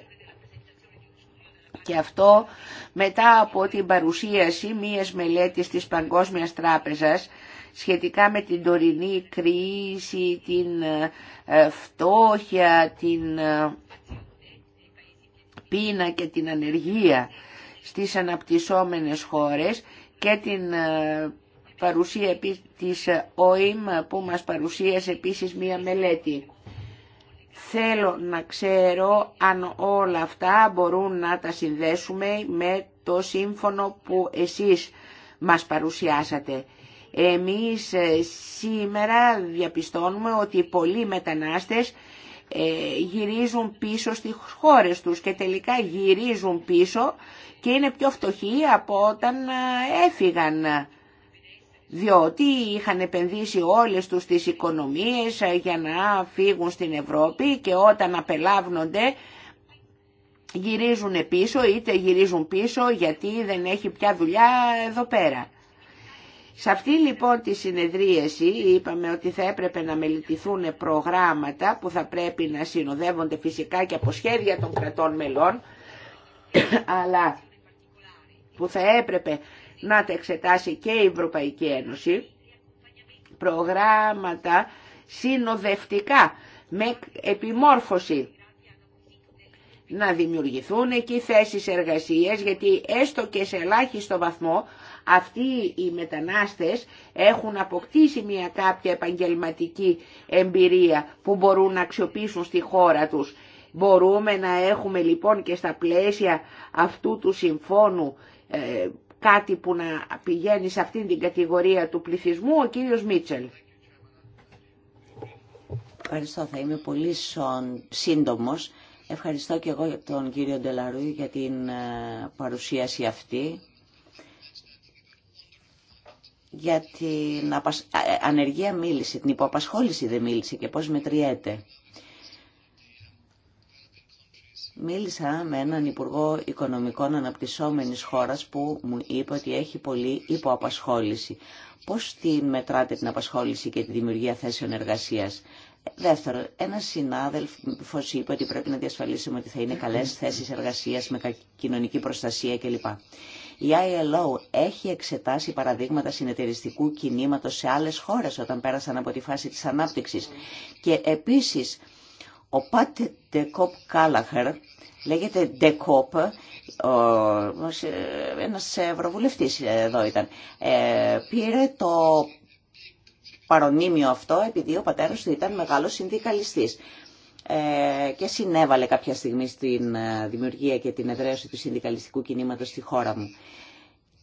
Speaker 1: και αυτό μετά από την παρουσίαση μίας μελέτης της Παγκόσμιας Τράπεζας σχετικά με την τωρινή κρίση, την ε, ε, φτώχεια, την ε, πείνα και την ανεργία στις αναπτυσσόμενες χώρες και την παρουσία της ΟΗΜ που μας παρουσίασε επίσης μία μελέτη. Θέλω να ξέρω αν όλα αυτά μπορούν να τα συνδέσουμε με το σύμφωνο που εσείς μας παρουσιάσατε. Εμείς ε, σήμερα διαπιστώνουμε ότι πολλοί μετανάστες ε, γυρίζουν πίσω στις χώρες τους και τελικά γυρίζουν πίσω και είναι πιο φτωχοί από όταν ε, έφυγαν διότι είχαν επενδύσει όλες τους τις οικονομίες για να φύγουν στην Ευρώπη και όταν απελάβνονται γυρίζουν πίσω είτε γυρίζουν πίσω γιατί δεν έχει πια δουλειά εδώ πέρα. Σε αυτή λοιπόν τη συνεδρίαση είπαμε ότι θα έπρεπε να μελετηθούν προγράμματα που θα πρέπει να συνοδεύονται φυσικά και από σχέδια των κρατών μελών, αλλά που θα έπρεπε να τα εξετάσει και η Ευρωπαϊκή Ένωση, προγράμματα συνοδευτικά με επιμόρφωση να δημιουργηθούν εκεί θέσεις εργασίας γιατί έστω και σε ελάχιστο βαθμό αυτοί οι μετανάστες έχουν αποκτήσει μια κάποια επαγγελματική εμπειρία που μπορούν να αξιοποιήσουν στη χώρα τους. Μπορούμε να έχουμε λοιπόν και στα πλαίσια αυτού του συμφώνου ε, κάτι που να πηγαίνει σε αυτήν την κατηγορία του πληθυσμού, ο κύριος Μίτσελ.
Speaker 2: Ευχαριστώ, θα είμαι πολύ σύντομος. Ευχαριστώ και εγώ τον κύριο Ντελαρού για την ε, παρουσίαση αυτή για την ε, ανεργία μίλησε, την υποαπασχόληση δεν μίλησε και πώς μετριέται. Μίλησα με έναν Υπουργό Οικονομικών Αναπτυσσόμενης χώρας που μου είπε ότι έχει πολύ υποαπασχόληση. Πώς την μετράτε την απασχόληση και τη δημιουργία θέσεων εργασίας. Δεύτερο, ένα συνάδελφο είπε ότι πρέπει να διασφαλίσουμε ότι θα είναι καλές θέσεις εργασίας με κοινωνική προστασία κλπ. Η ILO έχει εξετάσει παραδείγματα συνεταιριστικού κινήματος σε άλλες χώρες όταν πέρασαν από τη φάση της ανάπτυξης. Και επίσης ο Πατ Ντεκόπ Κάλαχερ, λέγεται Ντεκόπ, ε, ένας ευρωβουλευτής εδώ ήταν, ε, πήρε το παρονίμιο αυτό επειδή ο πατέρας του ήταν μεγάλος συνδικαλιστής. Ε, και συνέβαλε κάποια στιγμή στην ε, δημιουργία και την εδραίωση του συνδικαλιστικού κινήματος στη χώρα μου.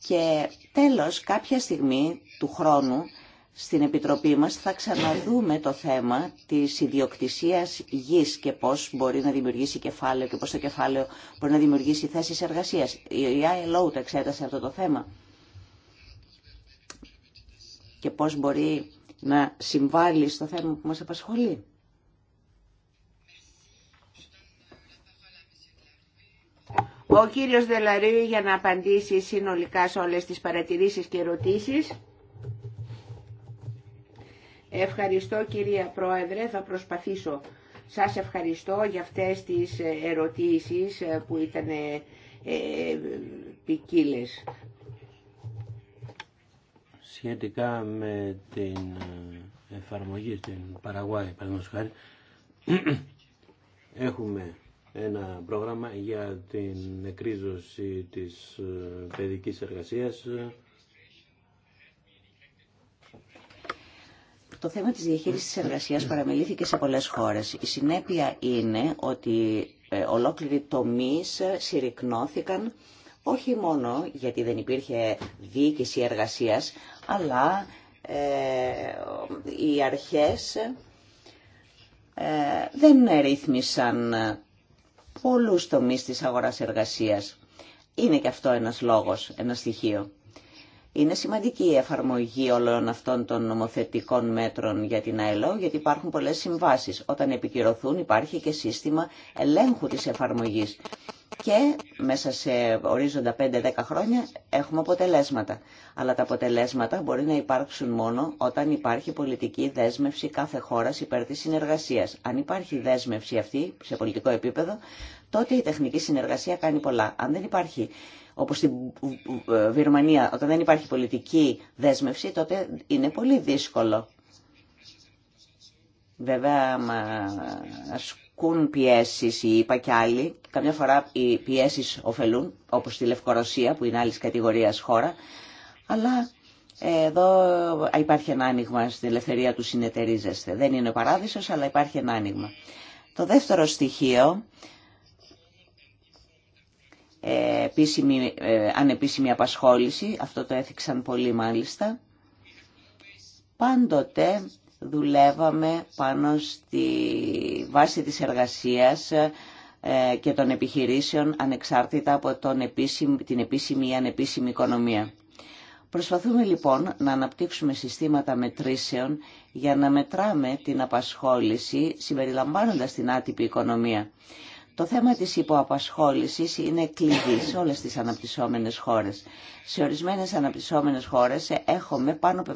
Speaker 2: Και τέλος, κάποια στιγμή του χρόνου, στην Επιτροπή μας θα ξαναδούμε το θέμα της ιδιοκτησίας γης και πώς μπορεί να δημιουργήσει κεφάλαιο και πώς το κεφάλαιο μπορεί να δημιουργήσει θέσεις εργασίας. Η ILO το εξέτασε αυτό το θέμα και πώς μπορεί να συμβάλλει στο θέμα που μας απασχολεί.
Speaker 1: ο κύριος Δελαρίου για να απαντήσει συνολικά σε όλες τις παρατηρήσεις και ερωτήσεις. Ευχαριστώ κυρία Πρόεδρε, θα προσπαθήσω. Σας ευχαριστώ για αυτές τις ε, ερωτήσεις ε, που ήταν ε, ε ποικίλε.
Speaker 4: Σχετικά με την εφαρμογή στην Παραγουάη, παραδείγματος χάρη, έχουμε ένα πρόγραμμα για την εκρίζωση της ε, παιδικής εργασίας.
Speaker 2: Το θέμα της διαχείρισης της εργασίας παραμελήθηκε σε πολλές χώρες. Η συνέπεια είναι ότι ε, ολόκληροι τομείς συρρυκνώθηκαν όχι μόνο γιατί δεν υπήρχε διοίκηση εργασίας, αλλά ε, οι αρχές ε, δεν ρύθμισαν πολλούς τομεί της αγοράς εργασίας. Είναι και αυτό ένας λόγος, ένα στοιχείο. Είναι σημαντική η εφαρμογή όλων αυτών των νομοθετικών μέτρων για την ΑΕΛΟ, γιατί υπάρχουν πολλές συμβάσεις. Όταν επικυρωθούν υπάρχει και σύστημα ελέγχου της εφαρμογής και μέσα σε ορίζοντα 5-10 χρόνια έχουμε αποτελέσματα. Αλλά τα αποτελέσματα μπορεί να υπάρξουν μόνο όταν υπάρχει πολιτική δέσμευση κάθε χώρα υπέρ τη συνεργασία. Αν υπάρχει δέσμευση αυτή σε πολιτικό επίπεδο, τότε η τεχνική συνεργασία κάνει πολλά. Αν δεν υπάρχει, όπως στην Βυρμανία, όταν δεν υπάρχει πολιτική δέσμευση, τότε είναι πολύ δύσκολο. Βέβαια, ασκούν πιέσεις, είπα κι άλλοι, καμιά φορά οι πιεσει ωφελούν, όπως στη Λευκορωσία που είναι άλλη κατηγορία χώρα, αλλά ε, εδώ υπάρχει ένα άνοιγμα στην ελευθερία του συνεταιρίζεστε. Δεν είναι ο παράδεισος, αλλά υπάρχει ένα άνοιγμα. Το δεύτερο στοιχείο, ε, επίσημη, ε, ανεπίσημη απασχόληση, αυτό το έθιξαν πολύ μάλιστα, πάντοτε δουλεύαμε πάνω στη βάση της εργασίας ε, και των επιχειρήσεων ανεξάρτητα από τον την επίσημη ή ανεπίσημη οικονομία. Προσπαθούμε λοιπόν να αναπτύξουμε συστήματα μετρήσεων για να μετράμε την απασχόληση συμπεριλαμβάνοντας την άτυπη οικονομία. Το θέμα της υποαπασχόλησης είναι κλειδί σε όλες τις αναπτυσσόμενες χώρες. Σε ορισμένες αναπτυσσόμενες χώρες έχουμε πάνω από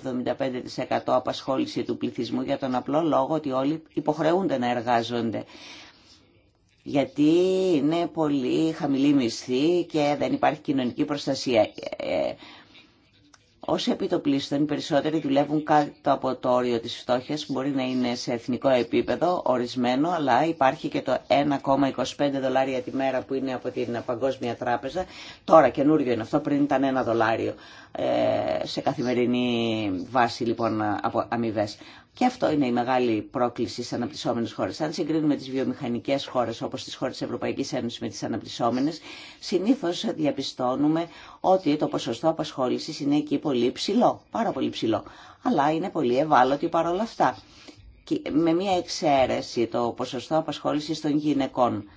Speaker 2: 75% απασχόληση του πληθυσμού για τον απλό λόγο ότι όλοι υποχρεούνται να εργάζονται. Γιατί είναι πολύ χαμηλή μισθή και δεν υπάρχει κοινωνική προστασία. Ε, Όσοι οι περισσότεροι δουλεύουν κάτω από το όριο της φτώχειας, μπορεί να είναι σε εθνικό επίπεδο ορισμένο, αλλά υπάρχει και το 1,25 δολάρια τη μέρα που είναι από την Παγκόσμια Τράπεζα. Τώρα καινούριο είναι αυτό, πριν ήταν ένα δολάριο ε, σε καθημερινή βάση λοιπόν από αμοιβέ. Και αυτό είναι η μεγάλη πρόκληση στι αναπτυσσόμενε χώρε. Αν συγκρίνουμε τι βιομηχανικέ χώρε όπω τι χώρε τη Ευρωπαϊκή Ένωση με τι αναπτυσσόμενε, συνήθω διαπιστώνουμε ότι το ποσοστό απασχόληση είναι εκεί πολύ ψηλό, πάρα πολύ ψηλό. Αλλά είναι πολύ ευάλωτη παρόλα αυτά. Και με μία εξαίρεση το ποσοστό απασχόληση των γυναικών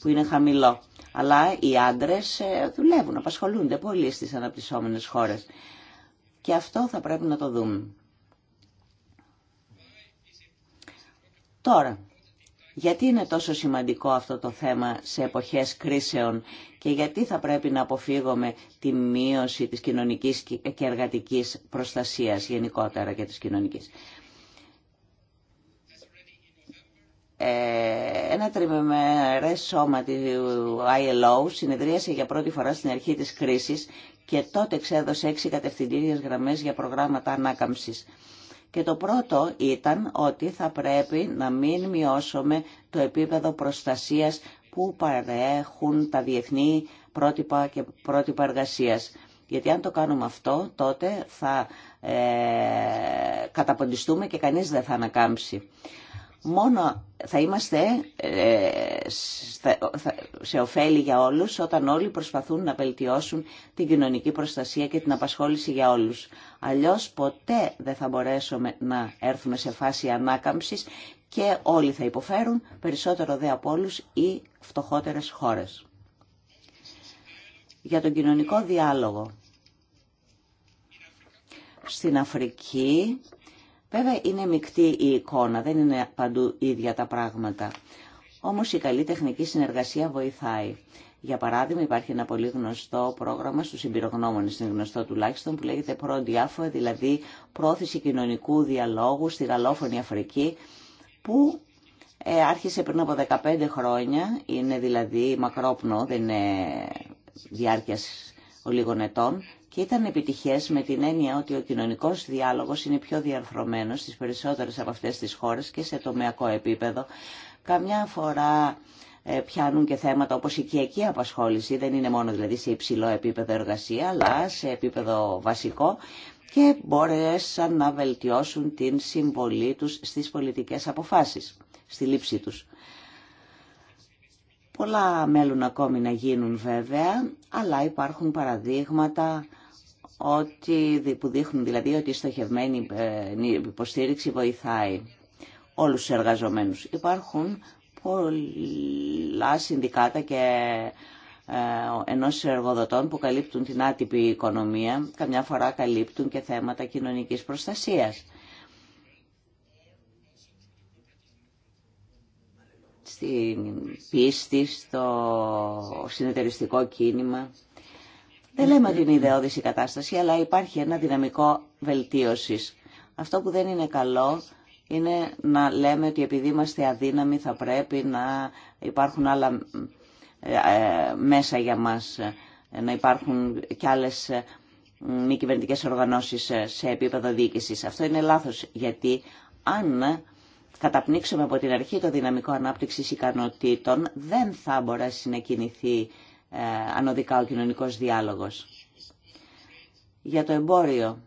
Speaker 2: που είναι χαμηλό. Αλλά οι άντρε ε, δουλεύουν, απασχολούνται πολύ στι αναπτυσσόμενε χώρε. Και αυτό θα πρέπει να το δούμε. Τώρα, γιατί είναι τόσο σημαντικό αυτό το θέμα σε εποχές κρίσεων και γιατί θα πρέπει να αποφύγουμε τη μείωση της κοινωνικής και εργατικής προστασίας γενικότερα και της κοινωνικής. Ε, ένα τριμεμερές σώμα του ILO συνεδρίασε για πρώτη φορά στην αρχή της κρίσης και τότε εξέδωσε έξι κατευθυντήριες γραμμές για προγράμματα ανάκαμψης. Και το πρώτο ήταν ότι θα πρέπει να μην μειώσουμε το επίπεδο προστασίας που παρέχουν τα διεθνή πρότυπα και πρότυπα εργασίας. Γιατί αν το κάνουμε αυτό, τότε θα ε, καταποντιστούμε και κανείς δεν θα ανακάμψει. Μόνο θα είμαστε ε, σε ωφέλη για όλους όταν όλοι προσπαθούν να βελτιώσουν την κοινωνική προστασία και την απασχόληση για όλους. Αλλιώς ποτέ δεν θα μπορέσουμε να έρθουμε σε φάση ανάκαμψης και όλοι θα υποφέρουν, περισσότερο δε από όλους οι φτωχότερες χώρες. Για τον κοινωνικό διάλογο. Στην Αφρική Βέβαια είναι μεικτή η εικόνα, δεν είναι παντού ίδια τα πράγματα. Όμως η καλή τεχνική συνεργασία βοηθάει. Για παράδειγμα υπάρχει ένα πολύ γνωστό πρόγραμμα στους εμπειρογνώμονες, είναι γνωστό τουλάχιστον, που λέγεται διάφορο, δηλαδή πρόθεση κοινωνικού διαλόγου στη γαλλόφωνη Αφρική, που ε, άρχισε πριν από 15 χρόνια, είναι δηλαδή μακρόπνο, δεν είναι διάρκειας λίγων ετών, και ήταν επιτυχές με την έννοια ότι ο κοινωνικός διάλογος είναι πιο διαρθρωμένος στις περισσότερες από αυτές τις χώρες και σε τομεακό επίπεδο. Καμιά φορά ε, πιάνουν και θέματα όπως η οικιακή απασχόληση, δεν είναι μόνο δηλαδή σε υψηλό επίπεδο εργασία, αλλά σε επίπεδο βασικό και μπόρεσαν να βελτιώσουν την συμβολή τους στις πολιτικές αποφάσεις, στη λήψη τους. Πολλά μέλουν ακόμη να γίνουν βέβαια, αλλά υπάρχουν παραδείγματα ότι, που δείχνουν δηλαδή ότι η στοχευμένη ε, υποστήριξη βοηθάει όλους τους εργαζομένους. Υπάρχουν πολλά συνδικάτα και ε, ενός εργοδοτών που καλύπτουν την άτυπη οικονομία, καμιά φορά καλύπτουν και θέματα κοινωνικής προστασίας. Στην πίστη, στο συνεταιριστικό κίνημα. Δεν λέμε ότι είναι ιδεώδης η κατάσταση, αλλά υπάρχει ένα δυναμικό βελτίωσης. Αυτό που δεν είναι καλό είναι να λέμε ότι επειδή είμαστε αδύναμοι θα πρέπει να υπάρχουν άλλα ε, ε, μέσα για μας, ε, να υπάρχουν κι άλλες μη κυβερνητικέ οργανώσεις σε επίπεδο διοίκησης. Αυτό είναι λάθος, γιατί αν καταπνίξουμε από την αρχή το δυναμικό ανάπτυξης ικανοτήτων, δεν θα μπορέσει να κινηθεί ε, ανωδικά ο κοινωνικός διάλογος. Για το εμπόριο.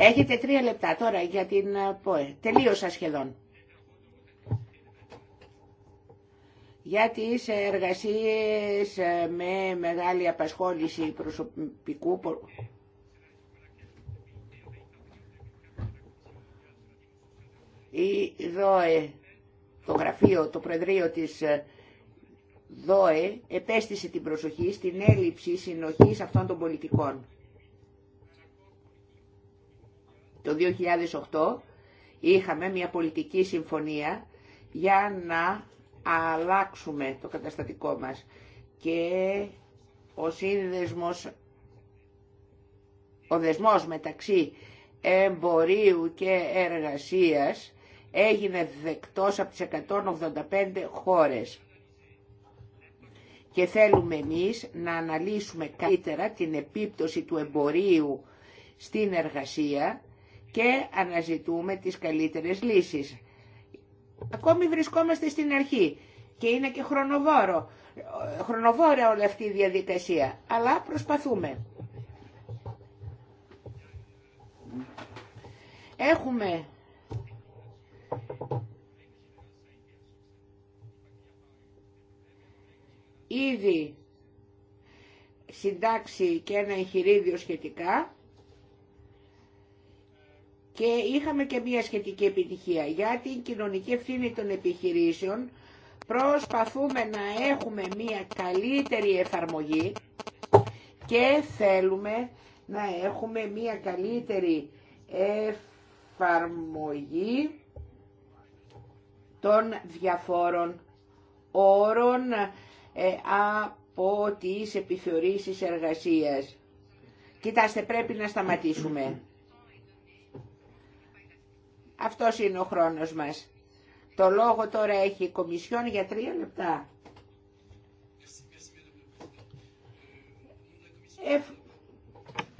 Speaker 1: Έχετε τρία λεπτά τώρα για την ε, ΠΟΕ. Τελείωσα σχεδόν. Για τις εργασίες ε, με μεγάλη απασχόληση προσωπικού η ΔΟΕ, το γραφείο, το προεδρείο της ε, ΔΟΕ επέστησε την προσοχή στην έλλειψη συνοχής αυτών των πολιτικών. Το 2008 είχαμε μια πολιτική συμφωνία για να αλλάξουμε το καταστατικό μας και ο σύνδεσμος, ο δεσμός μεταξύ εμπορίου και εργασίας έγινε δεκτός από τις 185 χώρες. Και θέλουμε εμείς να αναλύσουμε καλύτερα την επίπτωση του εμπορίου στην εργασία και αναζητούμε τις καλύτερες λύσεις. Ακόμη βρισκόμαστε στην αρχή και είναι και χρονοβόρο, χρονοβόρα όλη αυτή η διαδικασία, αλλά προσπαθούμε. Έχουμε ήδη συντάξει και ένα εγχειρίδιο σχετικά και είχαμε και μία σχετική επιτυχία. Για την κοινωνική ευθύνη των επιχειρήσεων προσπαθούμε να έχουμε μία καλύτερη εφαρμογή και θέλουμε να έχουμε μία καλύτερη εφαρμογή των διαφόρων όρων ε, από τις επιθεωρήσεις εργασίας. Κοιτάστε, πρέπει να σταματήσουμε. Αυτός είναι ο χρόνος μας. Το λόγο τώρα έχει η Κομισιόν για τρία λεπτά.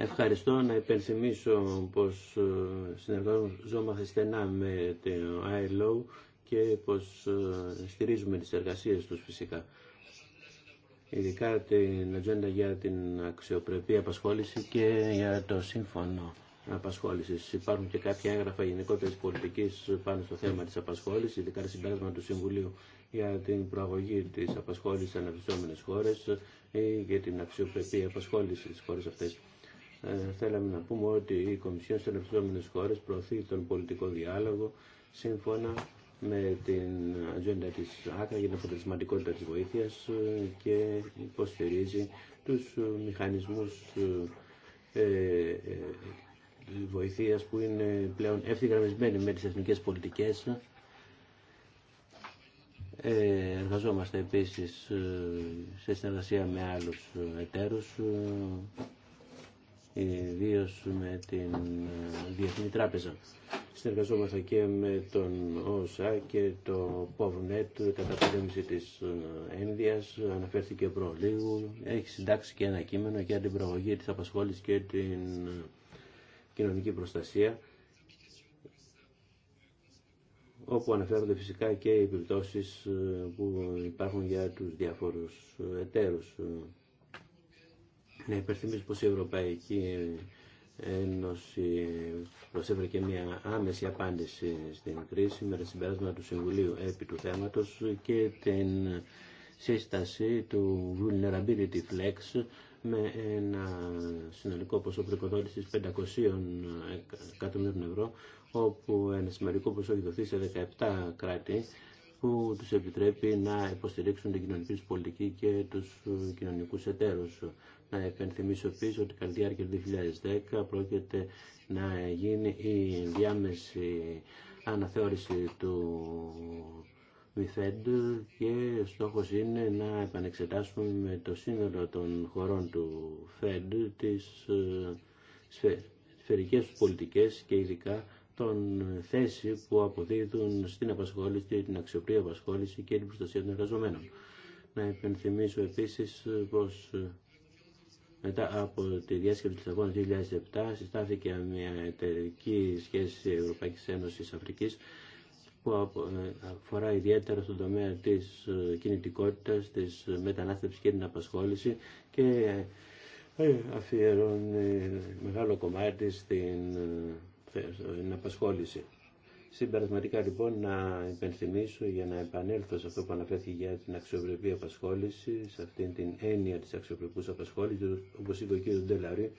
Speaker 4: Ευχαριστώ να υπενθυμίσω πως ε, συνεργαζόμαστε στενά με το ILO και πως ε, στηρίζουμε τις εργασίες τους φυσικά ειδικά την ατζέντα για την αξιοπρεπή απασχόληση και για το σύμφωνο απασχόληση. Υπάρχουν και κάποια έγγραφα γενικότερη πολιτική πάνω στο θέμα τη απασχόληση, ειδικά το συμπέρασμα του Συμβουλίου για την προαγωγή τη απασχόληση σε αναπτυσσόμενε χώρε ή για την αξιοπρεπή απασχόληση στι χώρε αυτέ. Ε, θέλαμε να πούμε ότι η Κομισιόν στι αναπτυσσόμενε χώρε προωθεί τον πολιτικό διάλογο σύμφωνα με την ατζέντα της ΆΚΑ για την αποτελεσματικότητα της βοήθειας ε, και υποστηρίζει τους ε, μηχανισμούς ε, βοηθείας που είναι πλέον ευθυγραμμισμένοι με τις εθνικές πολιτικές. Εργαζόμαστε επίσης σε συνεργασία με άλλους εταίρους, ιδίω με την Διεθνή Τράπεζα. Συνεργαζόμασταν και με τον ΩΣΑ και το ΠΟΒΝΕΤ e κατά πολέμηση της ε, Ένδειας, αναφέρθηκε προ Έχει συντάξει και ένα κείμενο για την προαγωγή της απασχόλησης και την ε, κοινωνική προστασία όπου αναφέρονται φυσικά και οι επιπτώσεις ε, που υπάρχουν για τους διάφορους εταίρους. Να υπερθυμίσω πως η Ευρωπαϊκή Ένωση προσέφερε και μια άμεση απάντηση στην κρίση με τα συμπεράσματα του Συμβουλίου επί του θέματος και την σύσταση του Vulnerability Flex με ένα συνολικό ποσό προϋποδότησης 500 εκατομμύρων ευρώ όπου ένα σημαντικό ποσό έχει δοθεί σε 17 κράτη που τους επιτρέπει να υποστηρίξουν την κοινωνική πολιτική και τους κοινωνικούς εταίρους. Να επενθυμίσω επίσης ότι κατά τη διάρκεια του 2010 πρόκειται να γίνει η διάμεση αναθεώρηση του ΜΙΦΕΔ και στόχος είναι να επανεξετάσουμε με το σύνολο των χωρών του ΦΕΔ ε, τις σφαιρικές πολιτικές και ειδικά των θέση που αποδίδουν στην απασχόληση, την αξιοπρία απασχόληση και την προστασία των εργαζομένων. Να υπενθυμίσω επίσης πως μετά από τη διάσκεψη του Λισαβόνα 2007 συστάθηκε μια εταιρική σχέση Ευρωπαϊκής Ένωσης Αφρικής που ε, αφορά ιδιαίτερα στον τομέα της ε, κινητικότητας, της μετανάστευσης και την απασχόληση και ε, αφιερώνει μεγάλο κομμάτι στην απασχόληση. Συμπερασματικά λοιπόν να υπενθυμίσω για να επανέλθω σε αυτό που αναφέρθηκε για την αξιοπρεπή απασχόληση, σε αυτήν την έννοια της αξιοπρεπούς απασχόλησης, όπως είπε ο κ. Ντελαρή,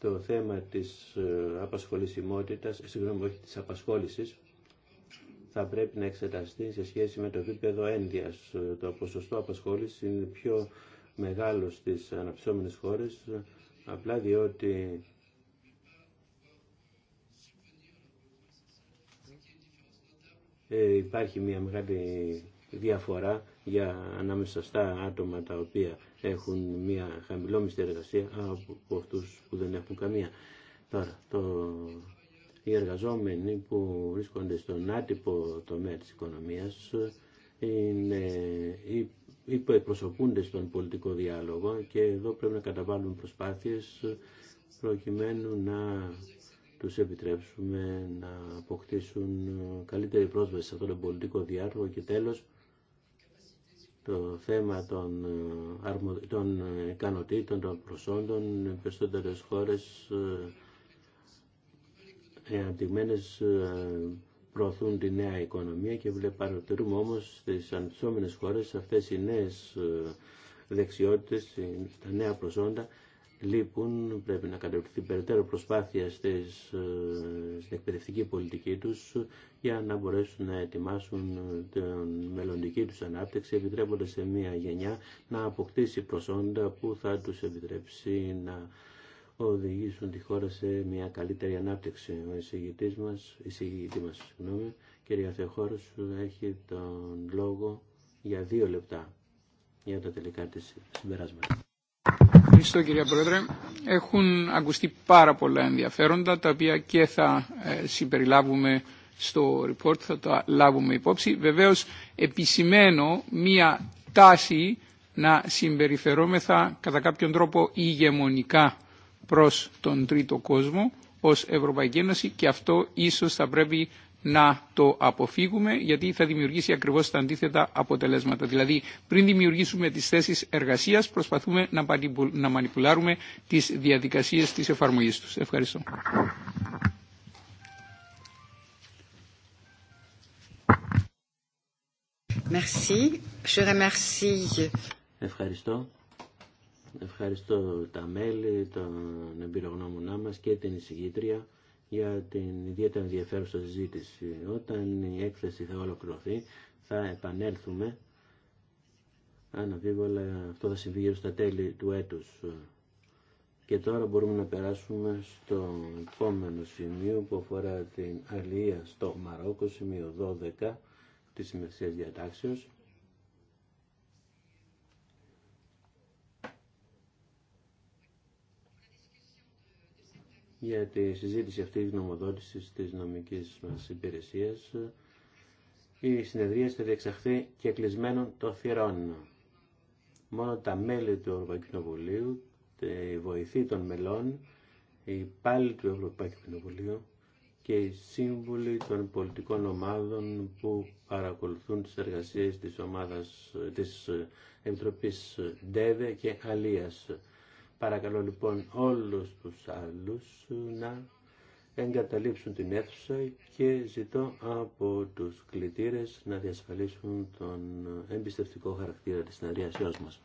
Speaker 4: το θέμα της ε, απασχολησιμότητας, ε, συγγνώμη όχι της απασχόλησης, θα πρέπει να εξεταστεί σε σχέση με το επίπεδο ένδυας. Ε, το ποσοστό απασχόληση είναι πιο μεγάλο στις αναψώμενες χώρες, απλά διότι ε, υπάρχει μια μεγάλη διαφορά για ανάμεσα στα άτομα τα οποία έχουν μια χαμηλόμιστη εργασία από αυτούς που δεν έχουν καμία. Τώρα, το, οι εργαζόμενοι που βρίσκονται στον άτυπο τομέα της οικονομίας είναι, υποεκπροσωπούνται στον πολιτικό διάλογο και εδώ πρέπει να καταβάλουν προσπάθειες προκειμένου να τους επιτρέψουμε να αποκτήσουν καλύτερη πρόσβαση σε αυτό τον πολιτικό διάλογο και τέλος το θέμα των, ε, αρμο... των ικανοτήτων, των προσόντων, οι χώρες ε, ε, αναπτυγμένες προωθούν τη νέα οικονομία και παρατηρούμε όμως στις αναπτυσσόμενες χώρες αυτές οι νέες δεξιότητες, τα νέα προσόντα λείπουν, πρέπει να κατευθυνθεί περαιτέρω προσπάθεια στις, ε, στην εκπαιδευτική πολιτική τους για να μπορέσουν να ετοιμάσουν την μελλοντική τους ανάπτυξη επιτρέποντας σε μια γενιά να αποκτήσει προσόντα που θα τους επιτρέψει να οδηγήσουν τη χώρα σε μια καλύτερη ανάπτυξη. Ο εισηγητής μας, εισηγητή μας, συγγνώμη, κυρία έχει τον λόγο για δύο λεπτά
Speaker 3: για τα τελικά της συμπεράσματα. Ευχαριστώ κυρία Πρόεδρε. Έχουν ακουστεί πάρα πολλά ενδιαφέροντα τα οποία και θα ε, συμπεριλάβουμε στο report, θα τα λάβουμε υπόψη. Βεβαίως επισημένο μία τάση να συμπεριφερόμεθα κατά κάποιον τρόπο ηγεμονικά προς τον τρίτο κόσμο ως Ευρωπαϊκή Ένωση και αυτό ίσως θα πρέπει να το αποφύγουμε γιατί θα δημιουργήσει ακριβώς τα αντίθετα αποτελέσματα. Δηλαδή πριν δημιουργήσουμε τις θέσεις εργασίας προσπαθούμε να μανιπουλάρουμε τις διαδικασίες της εφαρμογής τους. Ευχαριστώ.
Speaker 1: Merci. Je remercie.
Speaker 4: Ευχαριστώ. Ευχαριστώ τα μέλη, τον εμπειρογνώμονά μας και την εισηγήτρια για την ιδιαίτερα ενδιαφέρουσα συζήτηση. Όταν η έκθεση θα ολοκληρωθεί, θα επανέλθουμε. Αναβίβολα, αυτό θα συμβεί γύρω στα τέλη του έτους. Και τώρα μπορούμε να περάσουμε στο επόμενο σημείο που αφορά την αλληλεία στο Μαρόκο, σημείο 12 της Σημερισίας διατάξεως. για τη συζήτηση αυτή της νομοδότηση της νομικής μας υπηρεσίας. Η συνεδρία θα διεξαχθεί και κλεισμένων το θυρών. Μόνο τα μέλη του Ευρωπαϊκού Κοινοβουλίου, η βοηθή των μελών, η υπάλληλοι του Ευρωπαϊκού Κοινοβουλίου και οι σύμβουλοι των πολιτικών ομάδων που παρακολουθούν τις εργασίες της ομάδας της Επιτροπής ΔΕΔΕ και Αλίας. Παρακαλώ λοιπόν όλους τους άλλους να εγκαταλείψουν την αίθουσα και ζητώ από τους κλητήρες να διασφαλίσουν τον εμπιστευτικό χαρακτήρα της συνεδριασιός μας.